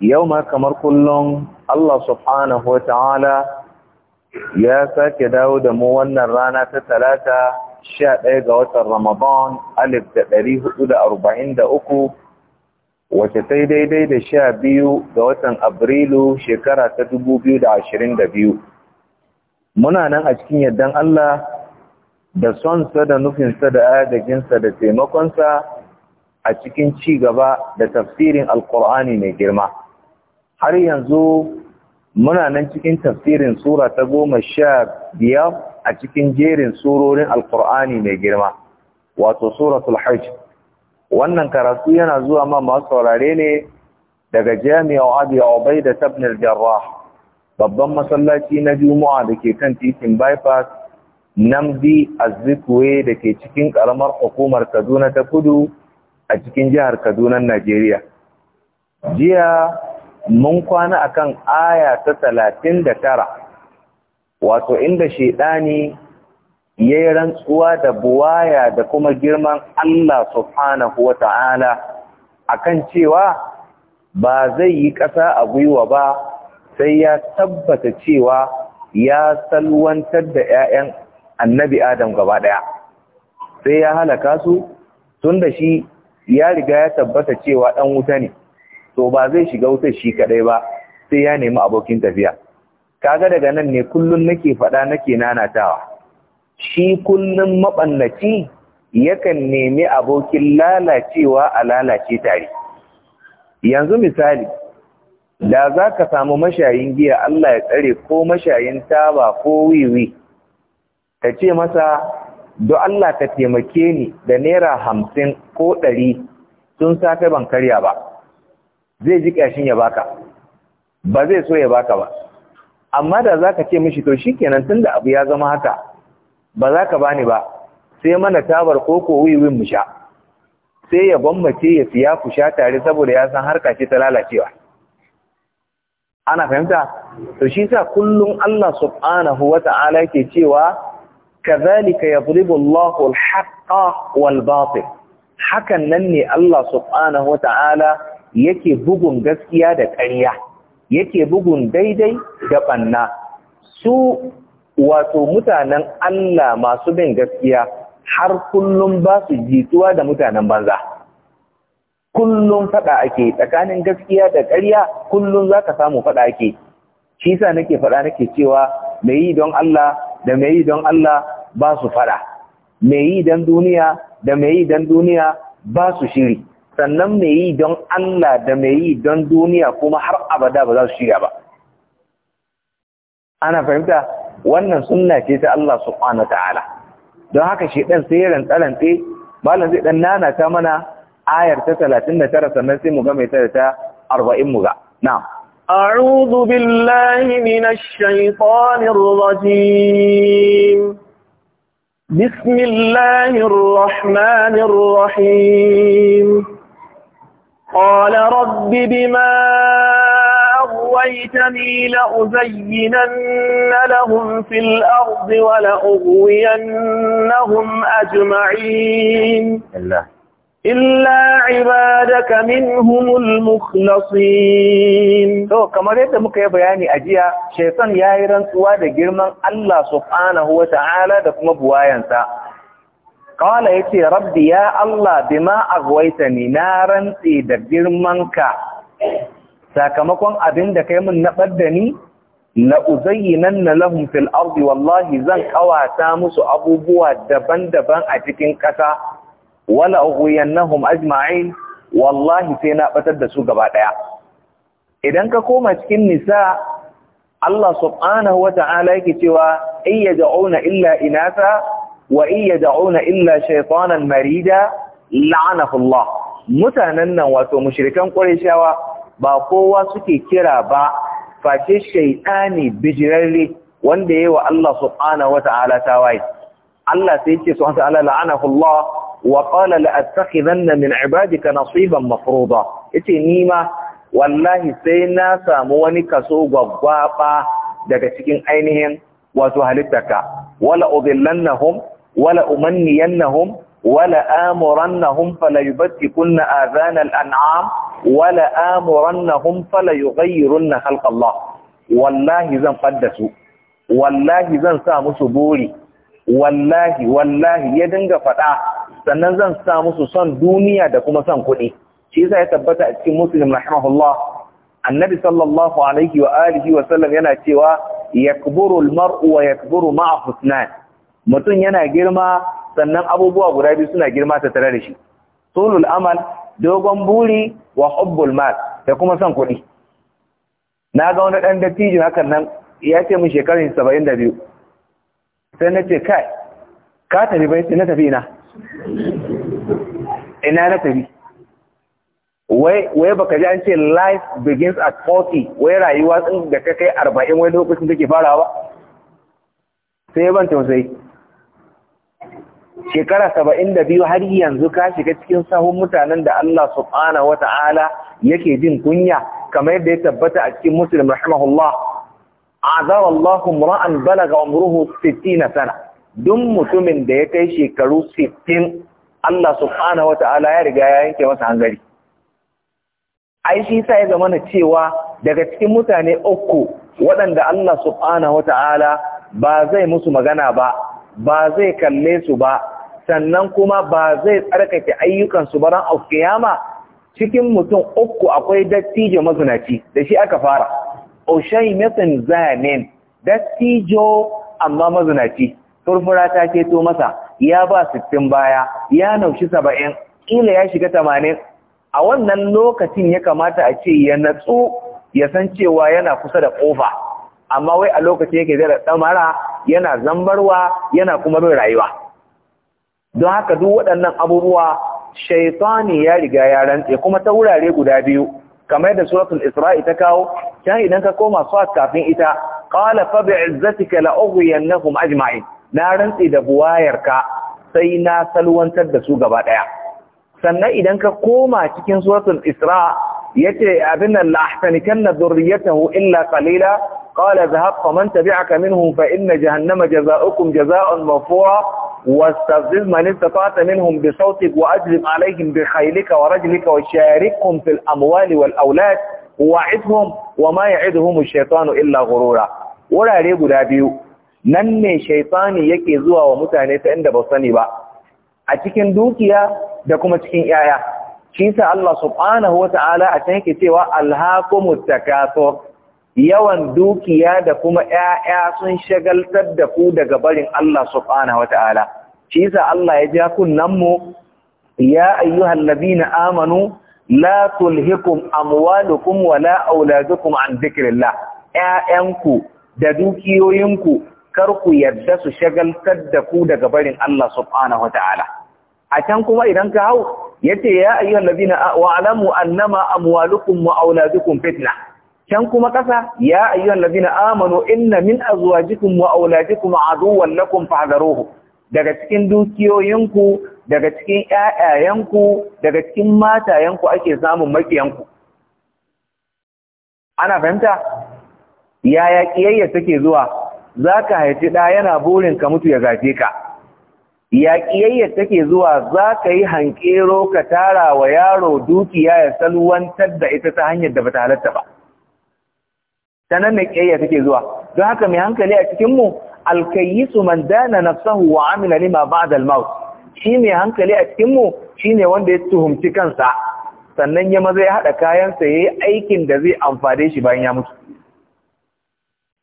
yau ma kamar kullum Allah subhanahu wa ta'ala ya sake dawo da mu wannan rana ta talata sha ɗaya ga watan Ramadan alif da ɗari hudu da arba'in da uku wace ta daidai da sha biyu ga watan Abrilu shekara ta dubu biyu da ashirin da biyu. Muna nan a cikin yardan Allah da sonsa da nufinsa da agaginsa da taimakonsa a cikin ci gaba da tafsirin alkur'ani mai girma har yanzu muna nan cikin tafsirin sura ta goma sha biyar a cikin jerin surorin alkur'ani mai girma wato suratul hajj wannan karatu yana zuwa ma masu saurare ne daga jami'a abu da tabnir jarrah babban masallaci na juma'a da ke kan titin bypass namdi azikwe da ke cikin karamar hukumar kaduna ta kudu a cikin jihar Kaduna Najeriya jiya mun kwana akan aya ta talatin da tara. wato inda ya yi rantsuwa da buwaya da kuma girman Allah subhanahu a kan cewa ba zai yi ƙasa a gwiwa ba sai ya tabbata cewa ya salwantar da 'ya'yan annabi Adam gaba ɗaya sai ya halaka su tun da shi ya riga ya tabbata cewa ɗan wuta ne to ba zai shiga wutar shi kaɗai ba sai ya nemi abokin tafiya kaga daga nan ne kullum nake faɗa nake nanatawa shi kullum maɓannaci yakan nemi abokin lalacewa a lalace tare yanzu misali da za ka samu mashayin giya Allah ya tsare ko mashayin taba ko wiwi ka ce masa don Allah ka taimake ni da naira hamsin ko ɗari sun safe ban karya ba zai ji ƙyashin ya baka ba zai so ya baka ba amma da za ka ce mishi to shi kenan tun da abu ya zama haka ba za ka bani ba sai mana tabar koko wiwin mu sha sai ya gwammace ya siya ku sha tare saboda ya san harka ce ta lalacewa ana fahimta to shi sa kullum Allah subhanahu wata'ala ke cewa kazalika yadribu Allahu al-haqqa wal batil hakan nan ne Allah subhanahu wata'ala yake bugun gaskiya da ƙarya yake bugun daidai da banna su wato mutanen Allah masu bin gaskiya har kullum ba su jituwa da mutanen banza kullum fada ake tsakanin gaskiya da ƙarya kullum zaka samu fada ake shi yasa nake fada nake cewa mai yi don Allah da mai yi don Allah ba su fada mai yi don duniya da mai yi don duniya ba su shiri sannan mai yi don Allah da mai yi don duniya kuma har abada ba za su shirya ba ana fahimta wannan sunna ce ta Allah su kwana ta'ala don haka shi ɗan sai rantsarantse malam zai ɗan nana ta mana ayar ta talatin da tara, sannan sai mu ga mai ta 40 mu ga na'am أعوذ بالله من الشيطان الرجيم بسم الله الرحمن الرحيم قال رب بما أغويتني لأزينن لهم في الأرض ولأغوينهم أجمعين الله illa ibadaka minhumul mukhlasin to kamar yadda muka yi bayani a jiya ya yayi rantsuwa da girman Allah subhanahu ta'ala da kuma buwayansa ya yace rabbi ya Allah bima aghwaytani na rantsi da girmanka sakamakon abin da kai mun nabar da ni la nan na fil ardi wallahi zan kawata musu abubuwa daban-daban a cikin ƙasa wala ughwiyannahum ajma'in wallahi sai na batar da su gaba daya idan ka koma cikin nisa Allah subhanahu wata'ala yake cewa iya dauna illa Inasa, wa ay yad'una illa shaytanan marida la'anahu Allah mutanen nan wato mushrikan qurayshawa ba kowa suke kira ba face shaytani bijirarre wanda yayi wa Allah subhanahu wata'ala tawa'i. Allah sai yake subhanahu wata'ala la'anahu Allah wa qala la attakhidanna min ibadika nasiban mafruḍa yace ni ma wallahi sai na samu wani kaso gwaggwaba daga cikin ainihin wato halittaka wala udillannahum wala umanniyannahum wala amurannahum fala yubtikunna adhana al-an'am wala amurannahum fala yughayyirunna khalqa Allah wallahi zan faddasu wallahi zan sa musu buri wallahi wallahi ya dinga faɗa. sannan zan sa musu son duniya da kuma son kuɗi shi yasa ya tabbata a cikin muslim rahimahullah annabi sallallahu alaihi wa alihi wa sallam yana cewa yakburu almar'u wa yakburu ma'a husnan mutum yana girma sannan abubuwa guda biyu suna girma ta tare da shi sulul amal dogon buri wa hubbul mal da kuma son kuɗi na ga wani ɗan dattijo hakan nan ya ce min shekarun saba'in da biyu sai na ce kai ka tafi bai sai na tafi ina ina na tafi wai baka ji an ce life begins at Forty, wai rayuwa tsin da ka kai arba'in wai lokacin ke fara ba? sai ban tausayi shekara saba'in da biyu, har yanzu ka shiga cikin sahun mutanen da Allah Subhana wa Ta'ala yake jin kunya kamar yadda ya tabbata a cikin muslim rahimahullah azara Allah imra'an balaga umruhu 60 sana duk mutumin da ya kai shekaru 60 Allah subhanahu wata'ala ya riga ya yanke masa hangari ai shi sa ya zama cewa daga cikin mutane uku waɗanda Allah subhanahu wata'ala ba zai musu magana ba ba zai kalle su ba sannan kuma ba zai tsarkake ayyukansu ba ran alkiyama cikin mutum uku akwai dattijo mazinaci da shi aka fara Mesin zanin dattijo amma mazinaci furfura ta keto masa ya ba sittin baya ya naushi saba'in kila ya shiga tamanin a wannan lokacin ya kamata a ce ya natsu ya san cewa yana kusa da ƙofa amma wai a lokacin yake zai da yana zambarwa yana kuma bin rayuwa don haka duk waɗannan abubuwa shaitani ya riga ya rantse kuma ta wurare guda biyu kamar da suratul isra'i ta kawo can idan ka koma swat kafin ita qala fa bi'izzatika la ajma'in na rantse da buwayarka sai na salwantar da su gaba daya sannan idan ka koma cikin suratul isra yace abinna la ahsanikanna dhurriyatahu illa khalila qala dhahab faman tabi'aka minhum fa inna jahannama jazaa'ukum jazaa'un mafura wastazil man istata'ta minhum bi sawtik wa ajlib alayhim bi khaylika wa rajlika wa sharikhum fil amwali wal awlad wa'idhum wa ma ya'iduhum ash-shaytanu illa hurura wurare guda biyu nan ne shaitani yake zuwa wa mutane ta inda ba sani ba a cikin dukiya da kuma cikin yaya shi sa Allah subhanahu wata'ala a can yake cewa alhaqumut takasur yawan dukiya da kuma yaya sun shagaltar da ku daga barin Allah subhanahu wata'ala shi sa Allah ya ja kunnan mu ya ayyuhal ladina amanu la tulhikum amwalukum wala auladukum an dhikrillah 'ya'yanku da dukiyoyinku kar ku yarda su shagaltar da ku daga barin Allah subhanahu Ta'ala). a can kuma idan ka hau yace ya ayyuhan ladina wa alamu annama amwalukum wa auladukum fitna can kuma kasa ya ayyuhal ladina amanu inna min azwajikum wa auladikum aduwwan lakum daga cikin dukiyoyinku daga cikin ƴaƴayenku daga cikin matayenku ake samun makiyanku ana fahimta yaya kiyayya take zuwa za ka haifi ɗa yana burin ka mutu ya gaje ka ya ƙiyayyar take zuwa za ka yi hankero ka tara wa yaro dukiya ya salwantar da ita ta hanyar da bata halatta ba ta nan na ƙiyayya take zuwa don haka mai hankali a cikinmu alkayisu man dana nafsahu wa amina lima ba'da al-maut shi mai hankali a cikinmu shine wanda ya tuhumci kansa sannan ya maza ya haɗa kayansa ya yi aikin da zai amfane shi bayan ya mutu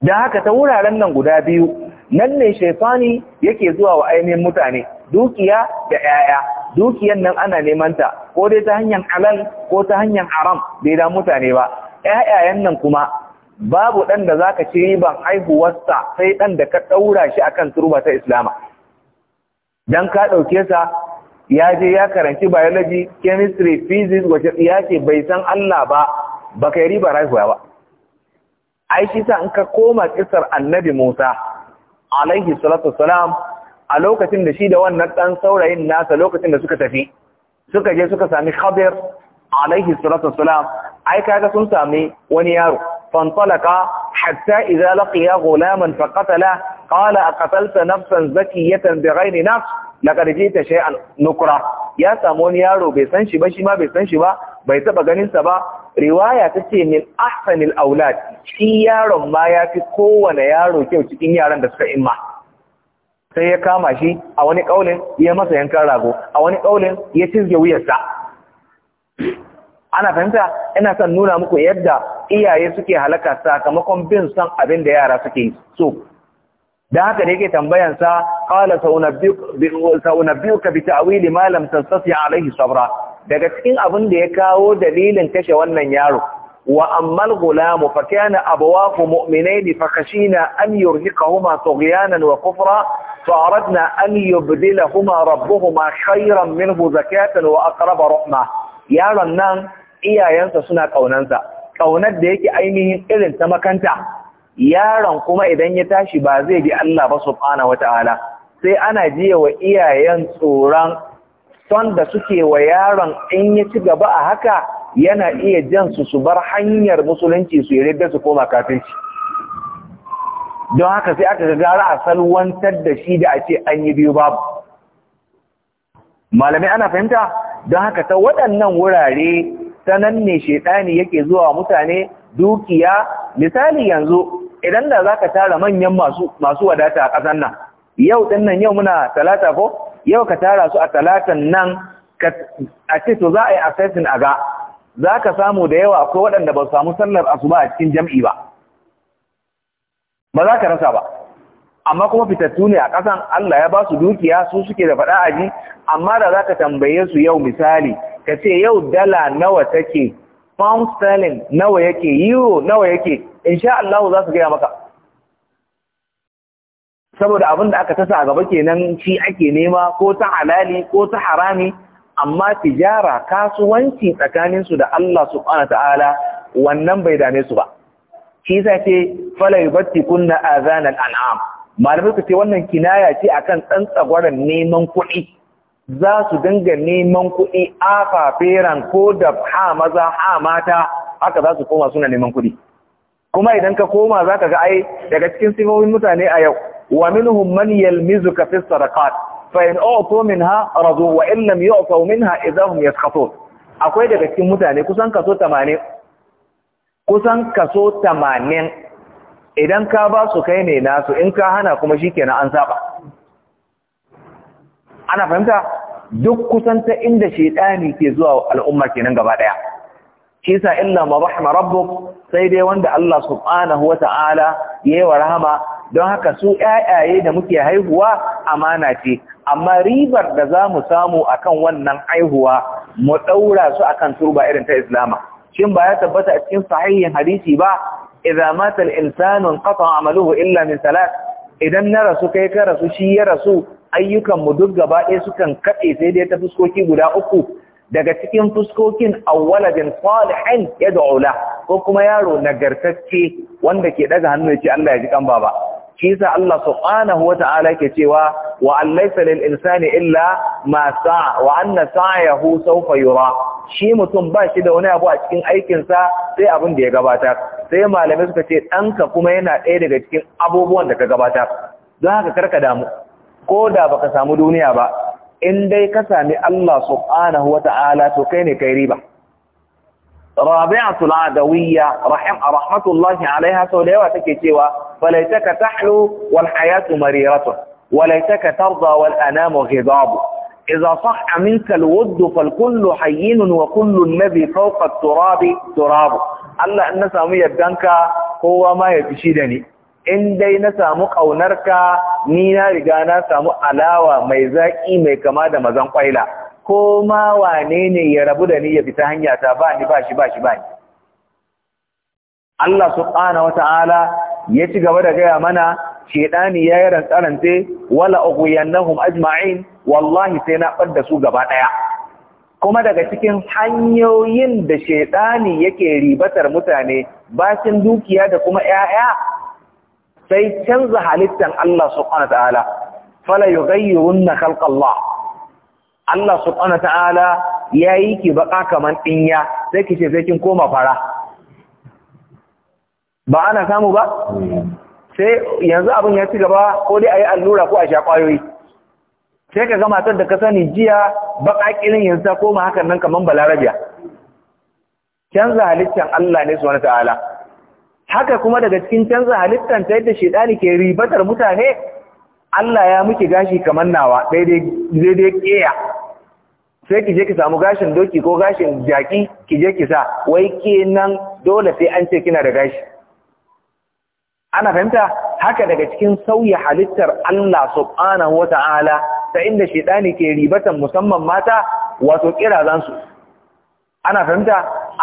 da haka ta wuraren nan guda biyu nan ne shaifani yake zuwa wa ainihin mutane dukiya da 'ya'ya dukiyan nan ana neman ta ko dai ta hanyar halal ko ta hanyar haram bai da mutane ba 'ya'yayen nan kuma babu ɗan da za zaka ce riban haihuwarsa sai ɗan da ka ɗaura shi a kan turba ta islama Don ka ɗauke sa ya je ya karanci biology chemistry physics wace tsiya ce bai san Allah ba ba yi riba haihuwa ba ai ta in ka koma kisar annabi Musa alaihi salatu salam! a lokacin da shi da wannan ɗan saurayin nasa lokacin da suka tafi suka je suka sami khabir alaihi salatu salam! ai kaga sun sami wani yaro fantalaka hatta idza laqiya ghulaman faqatala qala aqatalta nafsan zakiyatan bighayri nafs laqad jita shay'an nukra ya samu wani yaro bai san shi ba shi ma bai san shi ba bai taba ganinsa ba riwaya ta ce min ahsanil aulad shi yaron ma ya fi kowane yaro kyau cikin yaran da suka imma sai ya kama shi a wani kaulin ya masa yankan rago a wani kaulin ya cizge wuyarsa ana fahimta ina son nuna muku yadda iyaye suke halaka sakamakon bin son abin da yara suke so da haka da yake tambayansa qala ka bi ta'wili ma lam alaihi sabra daga cikin abin da ya kawo dalilin kashe wannan yaro wa ammal gulamu fa kana abawahu mu'minaini fa khashina an yurhiqahuma tughyanan wa kufra fa aradna an yubdilahuma rabbuhuma khayran minhu zakatan wa aqraba rahma yaron nan iyayensa suna kaunansa kaunar da yake ainihin irin ta makanta yaron kuma idan ya tashi ba zai bi Allah ba subhanahu wataala sai ana jiya wa iyayen tsoron son da suke wa yaron in ya ci gaba a haka yana iya jan su su bar hanyar musulunci su yarda su koma shi. don haka sai aka ga gara a salwantar da shi da a ce an yi biyu babu malamai ana fahimta don haka ta waɗannan wurare sanan shaiɗani ne shaidani yake zuwa mutane dukiya misali yanzu idan da zaka tara manyan masu wadata a ƙasar nan yau ɗin nan yau muna talata ko yau ka tara su a talatan nan a ce to za a yi assessing a ga za ka samu da yawa akwai waɗanda ba su samu sallar asuba a cikin jam'i ba ba za ka rasa ba amma kuma fitattu ne a ƙasan Allah ya ba su dukiya su suke da faɗa aji amma da za ka tambaye su yau misali ka ce yau dala nawa take pound sterling nawa yake euro nawa yake insha Allah za su gaya maka saboda abin da aka tasa a gaba kenan shi ake nema ko ta halali ko ta harami amma tijara kasuwanci tsakaninsu da Allah subhanahu ta'ala wannan bai dame su ba shi yasa ce fala yubatti kunna azan al'am malamai ku wannan kinaya ce akan tsantsagwaran neman kuɗi za su dinga neman kuɗi a faferan ko da ha maza ha mata haka za su koma suna neman kuɗi kuma idan ka koma zaka ga ai daga cikin sifofin mutane a yau ومنهم من يلمزك في الصدقات فإن أعطوا منها رضوا وإن لم يعطوا منها إذا هم يسخطون akwai daga cikin mutane kusan kaso 80 kusan kaso 80 idan ka ba su kai ne nasu in ka hana kuma shikenan an saba ana fahimta duk kusan ta inda shedani ke zuwa al'ummar kenan gaba ɗaya. Kisa yasa illa ma rahma sai dai wanda Allah subhanahu wata'ala yayi wa rahama don haka su ƴaƴaye da muke haihuwa amana ce amma ribar da za mu samu akan wannan haihuwa mu ɗaura su akan turba irin ta islama shin ba ya tabbata a cikin sahihin hadisi ba idza mata al-insanu amaluhu illa min salat idan na rasu kai ka rasu shi ya rasu ayyukan mu duk gaba ɗaya sukan katse sai dai ta fuskoki guda uku daga cikin fuskokin awwaladin salihin yad'u la ko kuma yaro nagartacce wanda ke daga hannu ya ce Allah ya ji kan baba shi yasa Allah subhanahu wata'ala ke cewa wa allaysa lil insani illa ma sa'a wa anna sa'ahu sawfa yura shi mutum ba shi da wani abu a cikin aikin sa sai abin da ya gabata. sai malamai suka ce danka kuma yana ɗaya daga cikin abubuwan da ka gabata. don haka karka damu ko da baka samu duniya ba in dai ka sami Allah subhanahu Ta'ala to kai ne kai riba rabi'atul adawiyya rahim rahmatullahi alaiha so da yawa take cewa falaitaka tahlu wal hayatu mariratun walaitaka tarda wal anamu ghidabu idza sahha minka al wudd fal kullu hayyin wa kullu nabi fawqa al turab turab Allah in na samu yaddanka kowa ma ya fishi da ni in dai na samu kaunarka ni na riga na samu alawa mai zaki mai kama da mazan kwaila ko ma wane ne ya rabu da ni ya fita hanya ta ba ni ba shi ba shi ba ni Allah subhanahu wata'ala ya ci gaba da gaya mana shedani ya yi rantsarante wala ughwiyannahum ajma'in wallahi sai na bar da su gaba ɗaya. kuma daga cikin hanyoyin da shedani yake ribatar mutane bakin dukiya da kuma 'ya'ya, sai canza halittar Allah subhanahu wata'ala fala yughayyirunna khalqa Allah Allah subhanahu ta'ala ya yi ki baka kaman dinya sai ki ce sai kin koma fara ba ana samu ba sai yanzu abin ya ci gaba ko dai ayi allura ko a sha kwayoyi sai ka ga matar da ka sani jiya baka kirin yanzu ta koma hakan nan kaman balarabiya canza halittar Allah ne subhanahu ta'ala haka kuma daga cikin canza halittar ta yadda shedani ke ribatar mutane Allah ya muke gashi kamar nawa daidai keya sai ki je ki samu gashin doki ko gashin jaki ki je ki sa wai kenan dole sai an ce kina da gashi ana fahimta haka daga cikin sauya halittar Allah subhanahu wata'ala ta inda shedani ke ribatan musamman mata wato kirazan su ana fahimta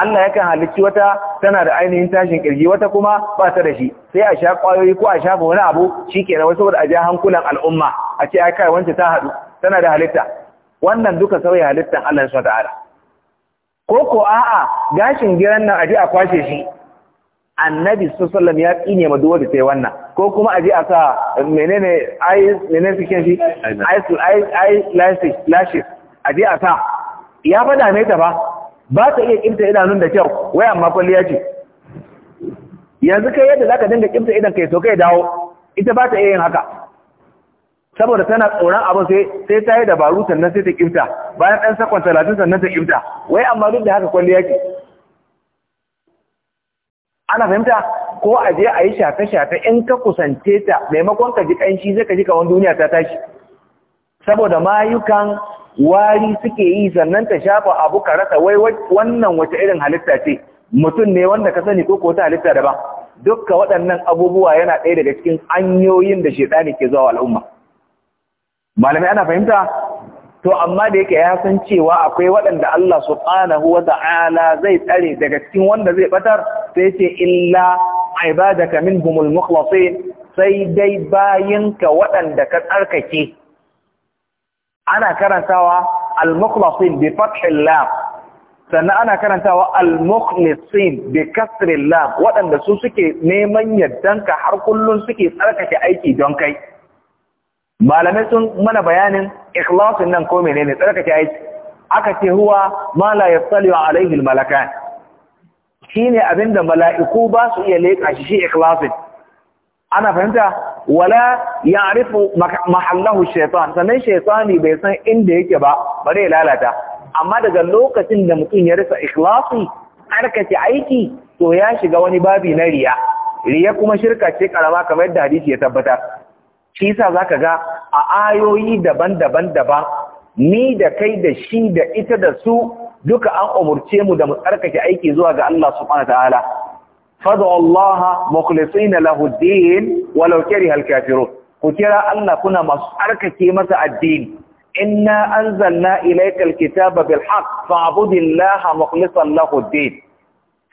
Allah yakan halicci wata tana da ainihin tashin kirji wata kuma ba ta da shi sai a sha kwayoyi ko a shafa wani abu shi shikenan wasu saboda a ja hankulan al'umma a ce ai kai wanda ta hadu tana da halitta wannan duka sauya halittar Allah su ta'ala ko ko a'a gashin giran nan aji a kwashe shi annabi su sallam ya tsine ma duk wanda sai wannan ko kuma aji a sa menene eyes menene cikin shi lashes lashes a sa ya fada mai ta ba ba ta iya ƙimta idanun da kyau wai amma kwalliya ce yanzu kai yadda za ka dinga ƙimta idan kai so kai dawo ita ba ta iya yin haka saboda tana tsoron abin sai sai ta yi dabaru sannan sai ta kimta bayan ɗan sakon talatin sannan ta kimta wai amma duk da haka kwalli yaki ana fahimta ko a je a yi shafe-shafe in ka kusance ta maimakon ka ji ƙanshi zai ka ji kawan duniya ta tashi saboda mayukan wari suke yi sannan ta shafa abu ka rasa wai wannan wace irin halitta ce mutum ne wanda ka sani ko ko ta halitta daban dukka waɗannan abubuwa yana ɗaya daga cikin hanyoyin da shaidani ke zuwa al'umma malamai ana fahimta to amma da yake ya san cewa akwai waɗanda Allah subhanahu wa ta'ala zai tsare daga cikin wanda zai batar sai ce illa ibadaka minhumul mukhlasin sai dai bayinka waɗanda ka tsarkake ana karantawa al-mukhlasin bi fathil lam sannan ana karantawa al-mukhlasin bi kasril lam waɗanda su suke neman yaddanka har kullun suke tsarkake aiki don kai malamai sun mana bayanin ikhlasin nan ko menene tsarkake aiki aka ce huwa ma la yaftali alaihi almalakan shine abinda mala'iku ba su iya leka shi shi ikhlasin ana fahimta wala ya'rifu mahallahu shaytan sannan shaytani bai san inda yake ba bare lalata amma daga lokacin da mutum ya rasa ikhlasi tsarkake aiki to ya shiga wani babi na riya riya kuma shirka ce karama kamar yadda hadisi ya tabbata. shi yasa zaka ga a ayoyi daban-daban daban ni da kai da shi da ita da su duka an umurce mu da mu tsarkake aiki zuwa ga Allah subhanahu wataala fadu Allah mukhlisina lahu ad-din walau kariha al ku kira Allah kuna masu tsarkake masa addini inna anzalna ilayka al-kitaba bil haqq fa'budillah mukhlishan lahu din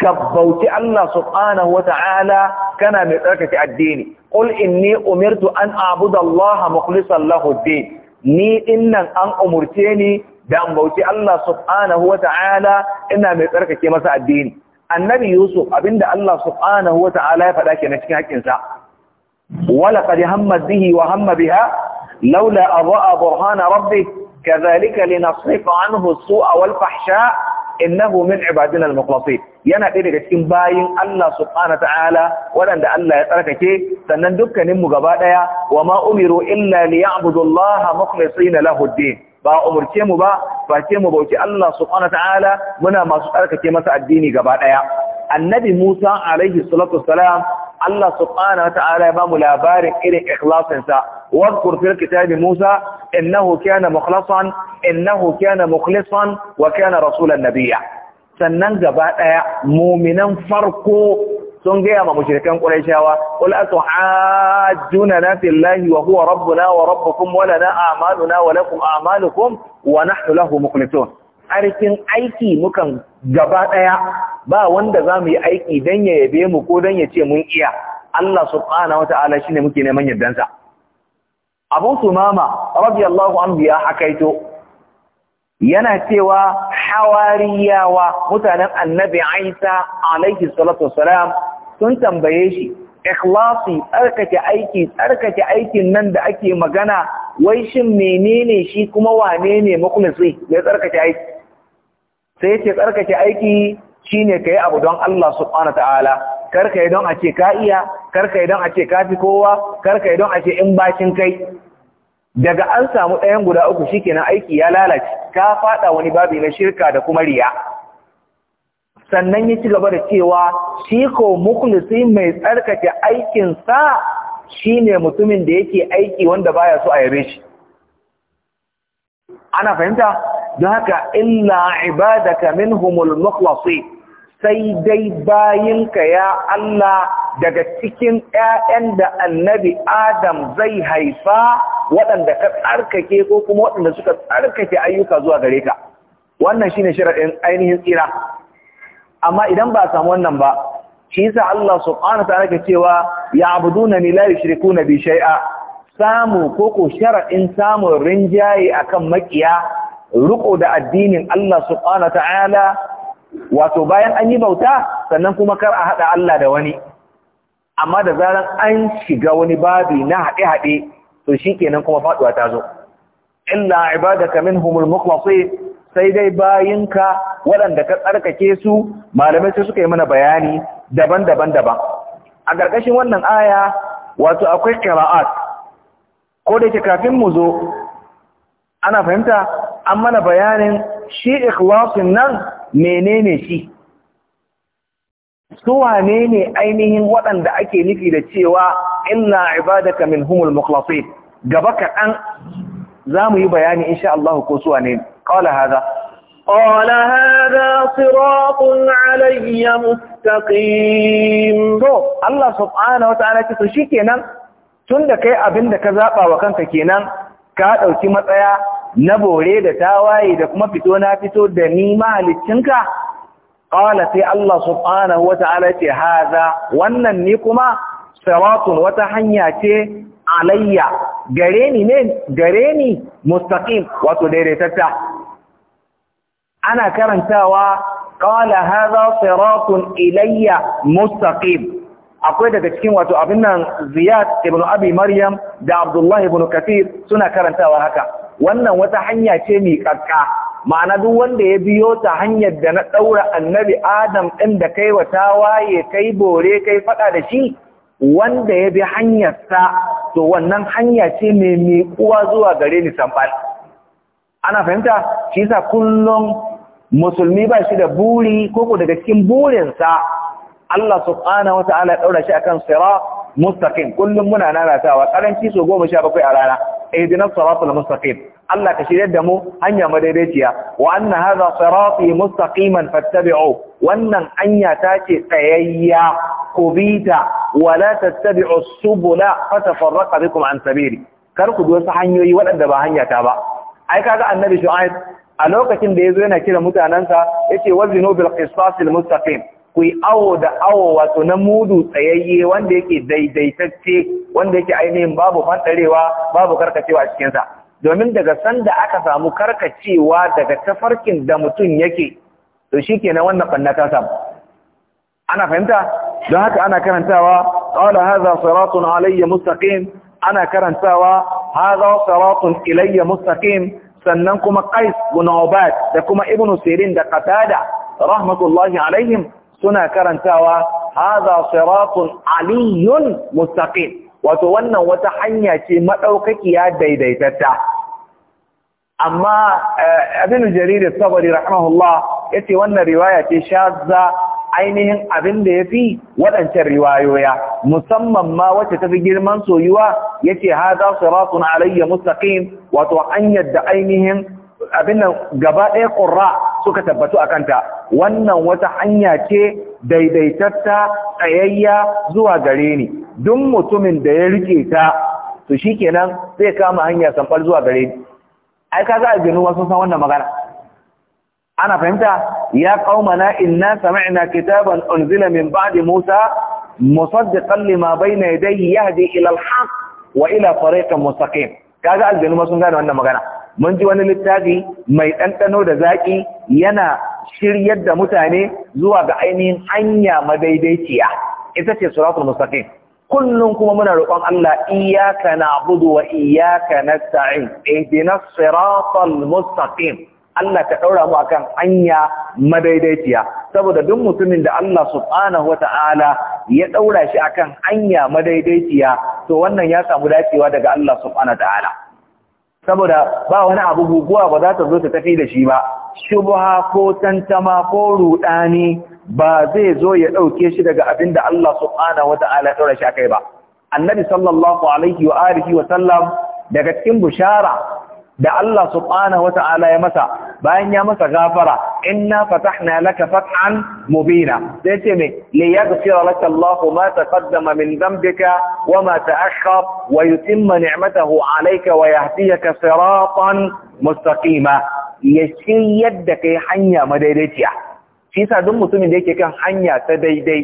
كبوت الله سبحانه وتعالى كان مدركة الدين قل إني أمرت أن أعبد الله مخلصا له الدين ني إن أن أمرتيني بأنبوتي الله سبحانه وتعالى إنا مدركة مساء الدين النبي يوسف أبن الله سبحانه وتعالى فلاك نشكاك إنساء ولقد همت به وهم بها لولا أضاء برهان ربه كذلك لنصرف عنه السوء والفحشاء إنه من عبادنا المخلصين yana ɗaya daga cikin bayin Allah subhanahu ta'ala waɗanda Allah ya tsarkake sannan dukkaninmu mu gaba ɗaya wa ma umiru illa liya'budullaha mukhlisina lahu ad-din ba umurce mu ba face mu bauci Allah subhanahu ta'ala muna masu tsarkake masa addini gaba ɗaya annabi Musa alaihi salatu wassalam Allah subhanahu ta'ala ya ba mu labarin irin ikhlasinsa wadkur fil kitabi Musa innahu kana mukhlasan innahu kana mukhlisan wa kana rasulan nabiyya sannan gaba ɗaya muminan farko sun gaya ma mushrikan quraishawa qul atuhajjuna fillahi wa huwa rabbuna wa rabbukum wa lana a'maluna wa lakum a'malukum wa nahnu lahu mukhlisun arkin aiki mukan gaba ɗaya ba wanda za mu yi aiki dan ya yabe mu ko dan ya ce mun iya Allah subhanahu wata'ala shine muke neman yardansa Abu Sumama radiyallahu anhu ya hakaito yana cewa hawariyawa mutanen annabi Isa alaihi salatu wassalam sun tambaye shi ikhlasi tsarkake aiki tsarkake aikin nan da ake magana wai shin menene shi kuma wane ne mukhlisi mai tsarkake aiki sai tsarkake aiki shine kai abu don Allah subhanahu ta'ala karka yi don a ce ka iya karka yi don a ce ka fi kowa karka yi don a ce in bakin kai daga an samu ɗayan guda uku shikenan aiki ya lalace ka faɗa wani babi na shirka da kuma riya sannan ya ci gaba da cewa shi ko mukhlisi mai tsarkake aikin aikinsa shine mutumin da yake aiki wanda baya so a yabe shi ana fahimta don haka illa ibadaka minhumul mukhlasi sai dai bayinka ya Allah daga cikin ‘ya'yan da annabi Adam zai haifa waɗanda ka tsarkake ko kuma waɗanda suka tsarkake ayyuka zuwa gare ka. Wannan shi ne shiraɗin ainihin tsira. Amma idan ba a samu wannan ba, shi yasa Allah subhanahu ta nake cewa ya abu duna ni layu yushriku na bi shai'a? samu ko ko sharaɗin samun rinjaye akan makiya riko da addinin Allah subhanahu ta'ala wato bayan an yi bauta sannan kuma kar a haɗa Allah da wani amma da zaran an shiga wani babi na haɗe-haɗe to shi kenan kuma faɗuwa ta zo illa ibadaka minhumul mukhlasin sai dai bayinka waɗanda ka tsarkake su malamai sai suka yi mana bayani daban-daban daban a ƙarƙashin wannan aya wato akwai qira'at ko da ke kafin mu zo ana fahimta an mana bayanin shi ikhlasin nan menene shi su wanene ne ainihin waɗanda ake nufi da cewa "Inna ibadaka minhumul mukhlasin gaba kaɗan za mu yi bayani insha Allah ko su wane qala hadha قال هذا صراط علي مستقيم Allah سبحانه وتعالى ce shi kenan tunda kai abin da ka zaɓa wa kanka kenan ka ɗauki matsaya na bore da tawaye da kuma fito na fito da ni mahaliccinka ƙala sai Allah subhanahu wa ta'ala ce haza wannan ni kuma siratun wata hanya ce alayya gare ni ne gare ni mustaqim wato daidaitatta ana karantawa ƙala haza siratun ilayya mustaqim akwai daga cikin wato abin nan Ziyad ibn Abi Maryam da Abdullah ibn Kathir suna karantawa haka wannan wata hanya ce mai kakka ma'ana duk wanda ya biyo ta hanyar da na ɗaura annabi Adam ɗin da kai wata waye kai bore kai faɗa da shi wanda ya bi hanyarsa to wannan hanya ce mai miƙuwa zuwa gare ni sambal ana fahimta shi yasa kullum musulmi ba shi da buri koko daga cikin burinsa Allah subhanahu wa ta'ala ya ɗaura shi akan sirat mustaqim kullum muna nanatawa karanci so goma sha bakwai a rana ihdinas siratal mustaqim Allah ka shirya da mu hanya madaidaiciya wa anna hadha sirati mustaqiman fattabi'u wannan hanya ta ce tsayayya ku bita wala tattabi'u subula fatafarraqa bikum an sabili kar ku bi wasu hanyoyi waɗanda ba hanya ta ba ai kaga annabi shu'aib a lokacin da yazo yana kira mutanansa yace wazinu bil qisas al mustaqim ku yi awo da awo wato na mudu tsayayye wanda yake daidaitacce wanda yake ainihin babu fantarewa babu karkacewa a cikinsa domin daga sanda aka samu karkacewa daga tafarkin da mutum yake to shi kenan wannan ɓanna ta samu ana fahimta don haka ana karantawa ƙawala haza siratun alayya mustaqim ana karantawa haza siratun ilayya mustaqim sannan kuma qais bin ubad da kuma ibnu sirin da qatada rahmatullahi alaihim suna karantawa haza siratun aliyun mustaqim wato wannan wata hanya ce madaukakiya daidaitatta amma abin eh, jarir sabari rahimahullah yace wannan riwaya ce shazza ainihin abin da yafi wadancan riwayoya musamman ma wacce tafi girman soyuwa yace haza siratun alayya mustaqim wato hanyar da ainihin abin nan gaba ɗaya ƙura suka tabbatu a kanta wannan wata hanya ce daidaitatta tsayayya zuwa gare ni duk mutumin da ya rike ta to shi kenan zai kama hanya samfar zuwa gare ni ai ka za a ginu wasu san wannan magana ana fahimta ya qaumana inna sami'na kitaban unzila min ba'di musa musaddiqan lima bayna yadayhi yahdi ila al wa ila tariqin mustaqim kaga aljanu ma sun gane wannan magana mun ji wani littafi mai ɗanɗano da zaƙi yana shiryar da mutane zuwa ga ainihin hanya madaidaiciya ita ce suratul mustaqim kullum kuma muna roƙon Allah iyyaka na'budu wa iyyaka nasta'in ihdinas siratal mustaqim Allah ka ɗaura mu akan hanya madaidaiciya saboda duk mutumin da Allah subhanahu wata'ala ya ɗaura shi akan hanya madaidaiciya to wannan ya samu dacewa daga Allah subhanahu wata'ala saboda ba wani abu guguwa ba za ta zo ta tafi da shi ba shubha ko tantama ko rudani ba zai zo ya ɗauke shi daga abin da Allah subhanahu wata'ala ya ɗaura shi akai ba annabi sallallahu alaihi wa alihi wa sallam daga cikin bushara da Allah subhanahu wata'ala ya masa bayan ya masa gafara inna fatahna laka fathan mubina sai ce me li yaghfira laka Allah ma taqaddama min dhanbika wa ma ta'akhkhar wa yutimma ni'matahu alayka wa yahdiyaka siratan mustaqima yashi yadda kai hanya madaidaiciya shi duk mutumin da yake kan hanya ta daidai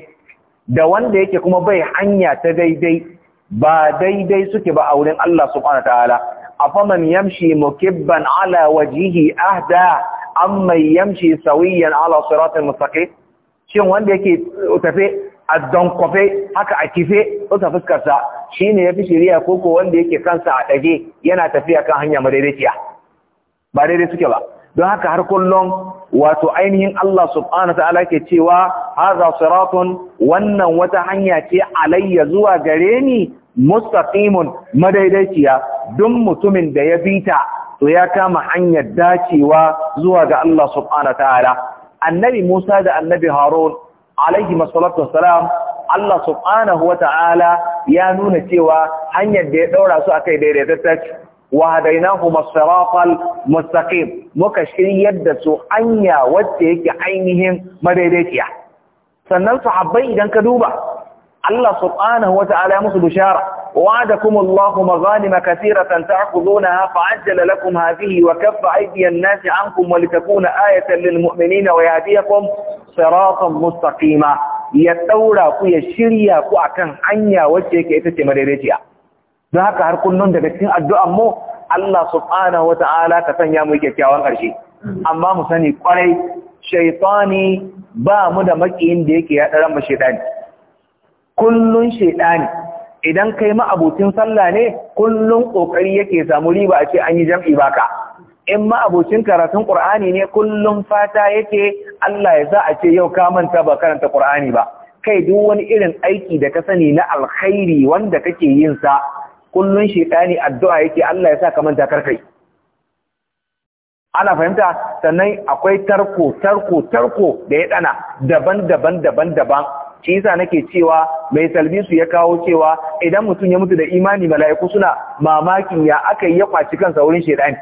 da wanda yake kuma bai hanya ta daidai ba daidai suke ba a wurin Allah subhanahu wata'ala أفمن يمشي مكبا على وجهه أهدى أم من يمشي سويا على صراط المستقيم شنو وين يكي تفي الدون كوفي هكا اكيفي او تفسك سا شي ne yafi shiriya ko ko wanda yake kansa a ɗage yana tafiya kan hanya madaidaiciya ba daidai suke ba don haka har kullum wato ainihin Allah subhanahu ta'ala ke cewa hadha siratun wannan wata hanya ce alayya zuwa gare ni mustaqimun madaidaiciya duk mutumin da ya bita to ya kama hanyar dacewa zuwa ga Allah subhanahu ta'ala annabi Musa da annabi Harun alaihi masallatu wassalam Allah subhanahu wata'ala ya nuna cewa hanyar da ya daura su akai daidaitatta ce wa hadainahu masiratal mustaqim muka shiryar da su hanya wacce yake ainihin madaidaiciya sannan sahabbai idan ka duba Allah subhanahu wata'ala ya musu bishara wa'adakumullahu maghanima katiratan ta'khudunaha fa'ajjala lakum hadhihi wa kaffa aydiyan nasi 'ankum wa litakuna ayatan lilmu'minina wa yahdiyakum siratan mustaqima ya daura ku ya shirya ku akan hanya wacce yake ita ce madaidaiciya don haka har kullun daga cikin addu'an mu Allah subhanahu wata'ala ka sanya mu kyakkyawan karshe amma mu sani kwarai shaytani ba mu da makiyin da yake ya daran mu shaytani kullun shaidani idan kai ma'abucin sallah ne kullun kokari yake samu riba a ce an yi jam'i baka in ma'abocin karatun qur'ani ne kullun fata yake Allah ya sa a ce yau ka manta ba karanta qur'ani ba kai duk wani irin aiki da ka sani na alkhairi wanda kake yin sa kullun shaidani addu'a yake Allah ya sa ka manta karkai ana fahimta sannan akwai tarko tarko tarko da ya dana daban daban daban daban shi yasa nake cewa mai talbisu ya kawo cewa idan mutum ya mutu da imani mala'iku suna mamakin ya aka yi ya kwaci kansa wurin shedani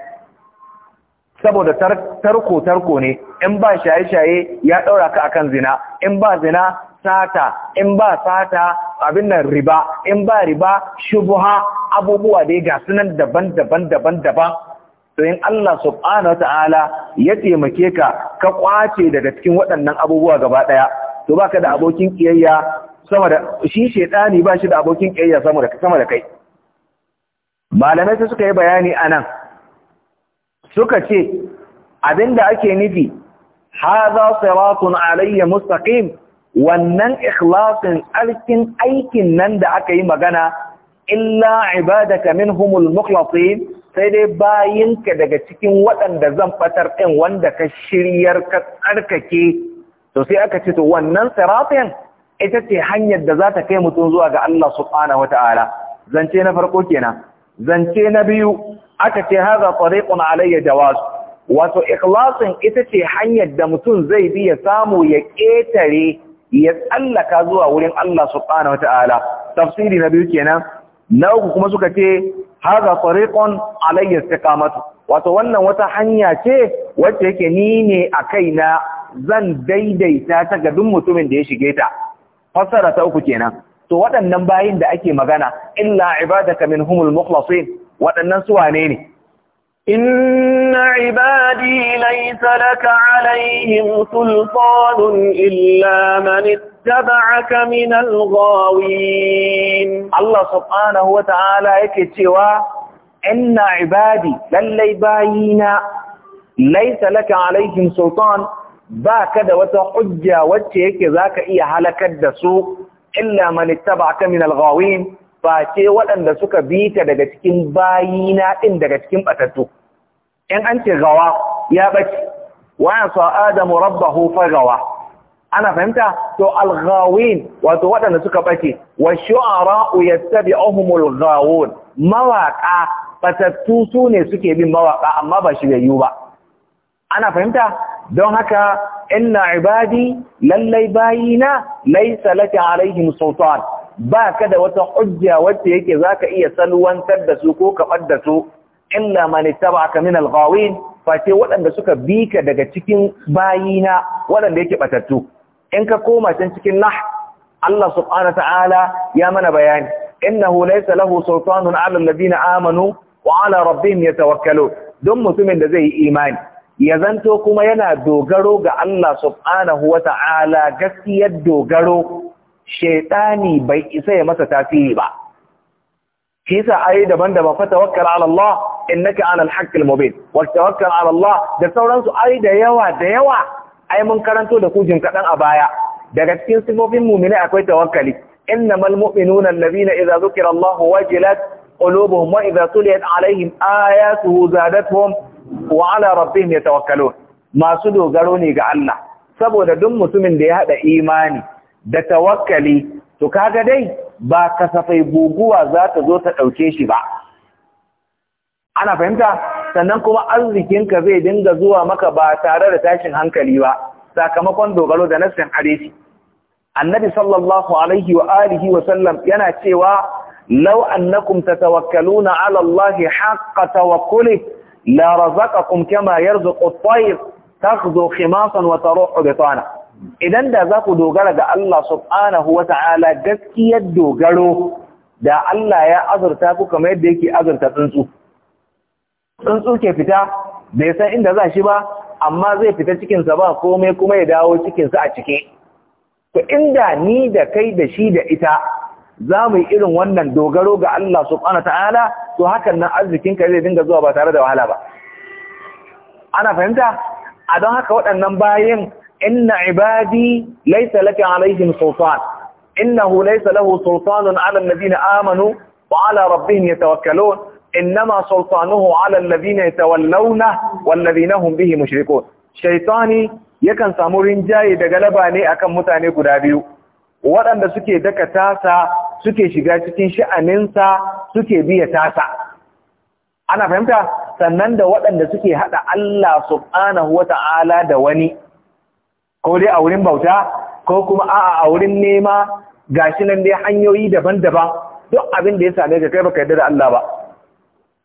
saboda tarko tarko ne in ba shaye-shaye ya daura ka akan zina in ba zina sata in ba sata abin nan riba in ba riba shubuha abubuwa dai ga sunan daban-daban daban-daban to in Allah subhanahu wataala ya taimake ka ka kwace daga cikin waɗannan abubuwa gaba ɗaya to baka da abokin sama da shi shedani ba shi da abokin ƙiyayya sama da kai malamai sai suka yi bayani anan suka ce abinda ake nufi haza siratun alayya mustaqim wannan ikhlasin alkin aikin nan da aka yi magana illa ibadaka minhumul mukhlasin sai dai bayinka daga cikin waɗanda zan fatar ɗin wanda ka shiryar ka tsarkake to sai aka ce to wannan siratin ita ce hanyar da za ta kai mutum zuwa ga Allah subhanahu wataala zance na farko kenan zance na biyu aka ce haza tariqun alayya jawaz wato ikhlasin ita ce hanyar da mutum zai bi ya samu ya ketare ya tsallaka zuwa wurin Allah subhanahu wataala tafsiri na biyu kenan na uku kuma suka ce haza tariqun alayya istiqamatu wato wannan wata hanya ce wacce yake ni ne a kaina zan daidaita ta ga mutumin da ya shige ta fasara ta uku kenan to waɗannan bayin da ake magana illa ibadaka minhumul mukhlasin waɗannan su wane ne inna ibadi laysa laka alaihim sultanun illa man ittaba'aka min al Allah subhanahu wata'ala yake cewa inna ibadi lallai bayina laysa laka alaihim sultanun ba ka da wata hujja wacce yake za ka iya halakar da su illa man ittaba'aka min al-ghawin fa ce waɗanda suka bi daga cikin bayina ɗin daga cikin batattu in an ce gawa ya bace wa ya sa adamu rabbahu fa gawa ana fahimta to al wato waɗanda suka bace wa shu'ara yattabi'uhum al mawaqa batattu su ne suke bin mawaƙa amma ba yiwu ba ana fahimta don haka inna ibadi lallai bayina laysa laka alaihim sultan ba da wata hujja wacce yake zaka iya salwantar da su ko kabar da su illa man min al-ghawin waɗanda suka bi ka daga cikin bayina waɗanda yake batattu in ka koma can cikin nah Allah subhanahu ta'ala ya mana bayani innahu laysa lahu sultanun 'ala alladhina amanu wa 'ala rabbihim yatawakkalun don mutumin da zai yi imani ya zanto kuma yana dogaro ga Allah subhanahu wa ta'ala gaskiyar dogaro shaitani bai isa ya masa tasiri ba Kisa yasa ayi daban-daban fa tawakkal Allah in ala anan haqqil mubin wa tawakkal Allah da sauransu ayi da yawa da yawa ai mun karanto da kujin kaɗan a baya daga cikin sifofin mu'mini akwai tawakkali innamal mu'minuna allazina idza dhukira Allah wajilat qulubuhum wa idza tuliyat alaihim ayatuhu zadatuhum wa ala rabbihim yatawakkalun masu dogaro ne ga Allah saboda duk mutumin da ya hada imani da tawakkali to kaga dai ba kasafai guguwa za ta zo ta dauke shi ba ana fahimta sannan kuma arzikinka zai dinga zuwa maka ba tare da tashin hankali ba sakamakon dogaro da nassin hadisi annabi sallallahu alaihi wa alihi wa sallam yana cewa law annakum tatawakkaluna ala allahi haqqa tawakkuli la razaqakum kama yarzuqu at-tayr takhdhu khimasan wa taruhu bitana idan da za ku dogara ga Allah subhanahu wa ta'ala gaskiyar dogaro da Allah ya azurta ku kamar yadda yake azurta tsuntsu tsuntsu ke fita bai san inda za shi ba amma zai fita cikinsa ba komai kuma ya dawo cikinsa a cike to inda ni da kai da shi da ita za mu yi irin wannan dogaro ga Allah subhanahu ta'ala to hakan nan arzikin ka zai dinga zuwa ba tare da wahala ba ana fahimta a don haka waɗannan bayan inna ibadi laysa laka alaihim sultan innahu laysa lahu sultanun ala na amanu wa ala rabbihim yatawakkalun innama sultanuhu ala alladhina yatawallawna na hum bihi mushrikun Shaitani yakan samu rinjaye da galaba ne akan mutane guda biyu waɗanda suke daka tasa suke shiga cikin sha'aninsa suke biya tasa ana fahimta sannan da waɗanda suke haɗa Allah subhanahu wata'ala da wani ko dai a wurin bauta ko kuma a a wurin nema gashi nan dai hanyoyi daban-daban duk abin da ya same ka kai baka yarda da Allah ba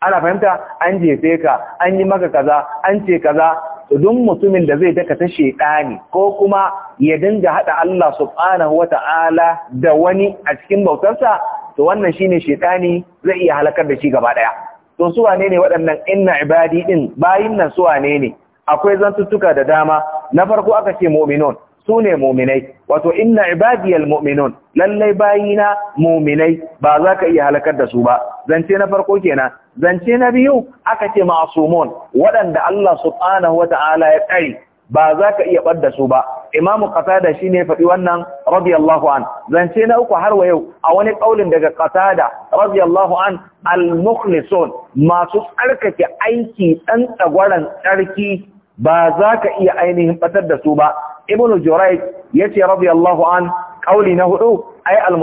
ana fahimta an jefe ka an yi maka kaza an ce kaza to mutumin da zai dakata ta ko kuma ya dinga haɗa Allah subhanahu Ta'ala da wani a cikin bautarsa to wannan shine shekani zai iya halakar da shi gaba ɗaya. to su wane ne waɗannan inna ibadi ɗin bayin nan su wane ne akwai zantuttuka da dama na farko aka ce mu'minun su ne muminai wato inna ibadiyal mu'minun lallai bayina muminai ba za ka iya halakar da su ba zance na farko kenan zance na biyu aka ce ma'asumun waɗanda Allah subhanahu wata'ala ya tsare ba za ka iya ɓadda su ba imamu qatada shine faɗi wannan radiyallahu an zance na uku har wa yau a wani ƙaulin daga qatada radiyallahu an al-mukhlisun masu tsarkake aiki ɗan tsagwaran tsarki ba za ka iya ainihin ɓatar da su ba ibn ya yace radiyallahu an kauli na hudu ai al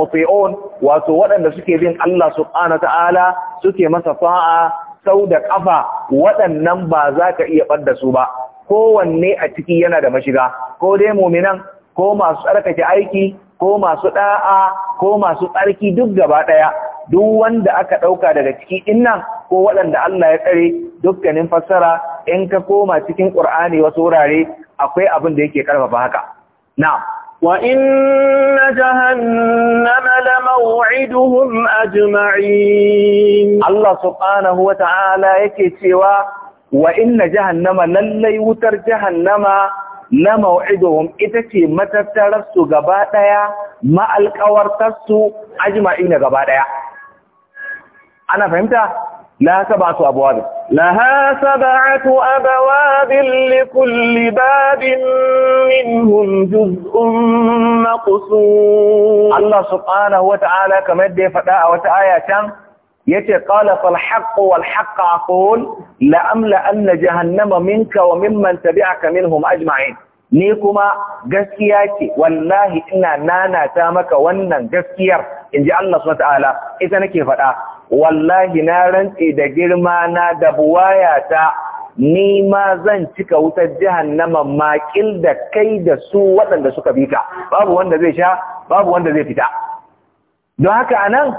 wato waɗanda suke bin Allah subhanahu ta'ala suke masa fa'a sau da kafa waɗannan ba za ka iya ɓadda su ba kowanne a ciki yana da mashiga ko dai muminan ko masu tsarkake aiki ko masu da'a ko masu tsarki duk gaba ɗaya duk wanda aka ɗauka daga ciki innan ko waɗanda Allah ya tsare dukkanin fassara in ka koma cikin Ƙur'ani wasu wurare akwai abin da yake karfafa haka na. wa inna jahannama lamaw'iduhum ajma'in Allah subhanahu wata'ala yake cewa wa'inna jahannama lallai wutar jahannama lamaw'iduhum ita ce matattarar su gaba daya ma'alƙawartar su ajma'ina gaba daya ana fahimta la sabatu abwab لها سبعة أبواب لكل باب منهم جزء مقسوم الله سبحانه وتعالى كما يدي فتاة وتآية يتي قال فالحق والحق أقول لأملأن جهنم منك وممن تبعك منهم أجمعين ni kuma gaskiya ce wallahi ina nana ta maka wannan gaskiyar in ji Allah subhanahu ta'ala ita nake faɗa wallahi na rantse da girma na da buwayata ni ma zan cika wutar jahannama makil da kai da su waɗanda suka bi ka babu wanda zai sha babu wanda zai fita don haka anan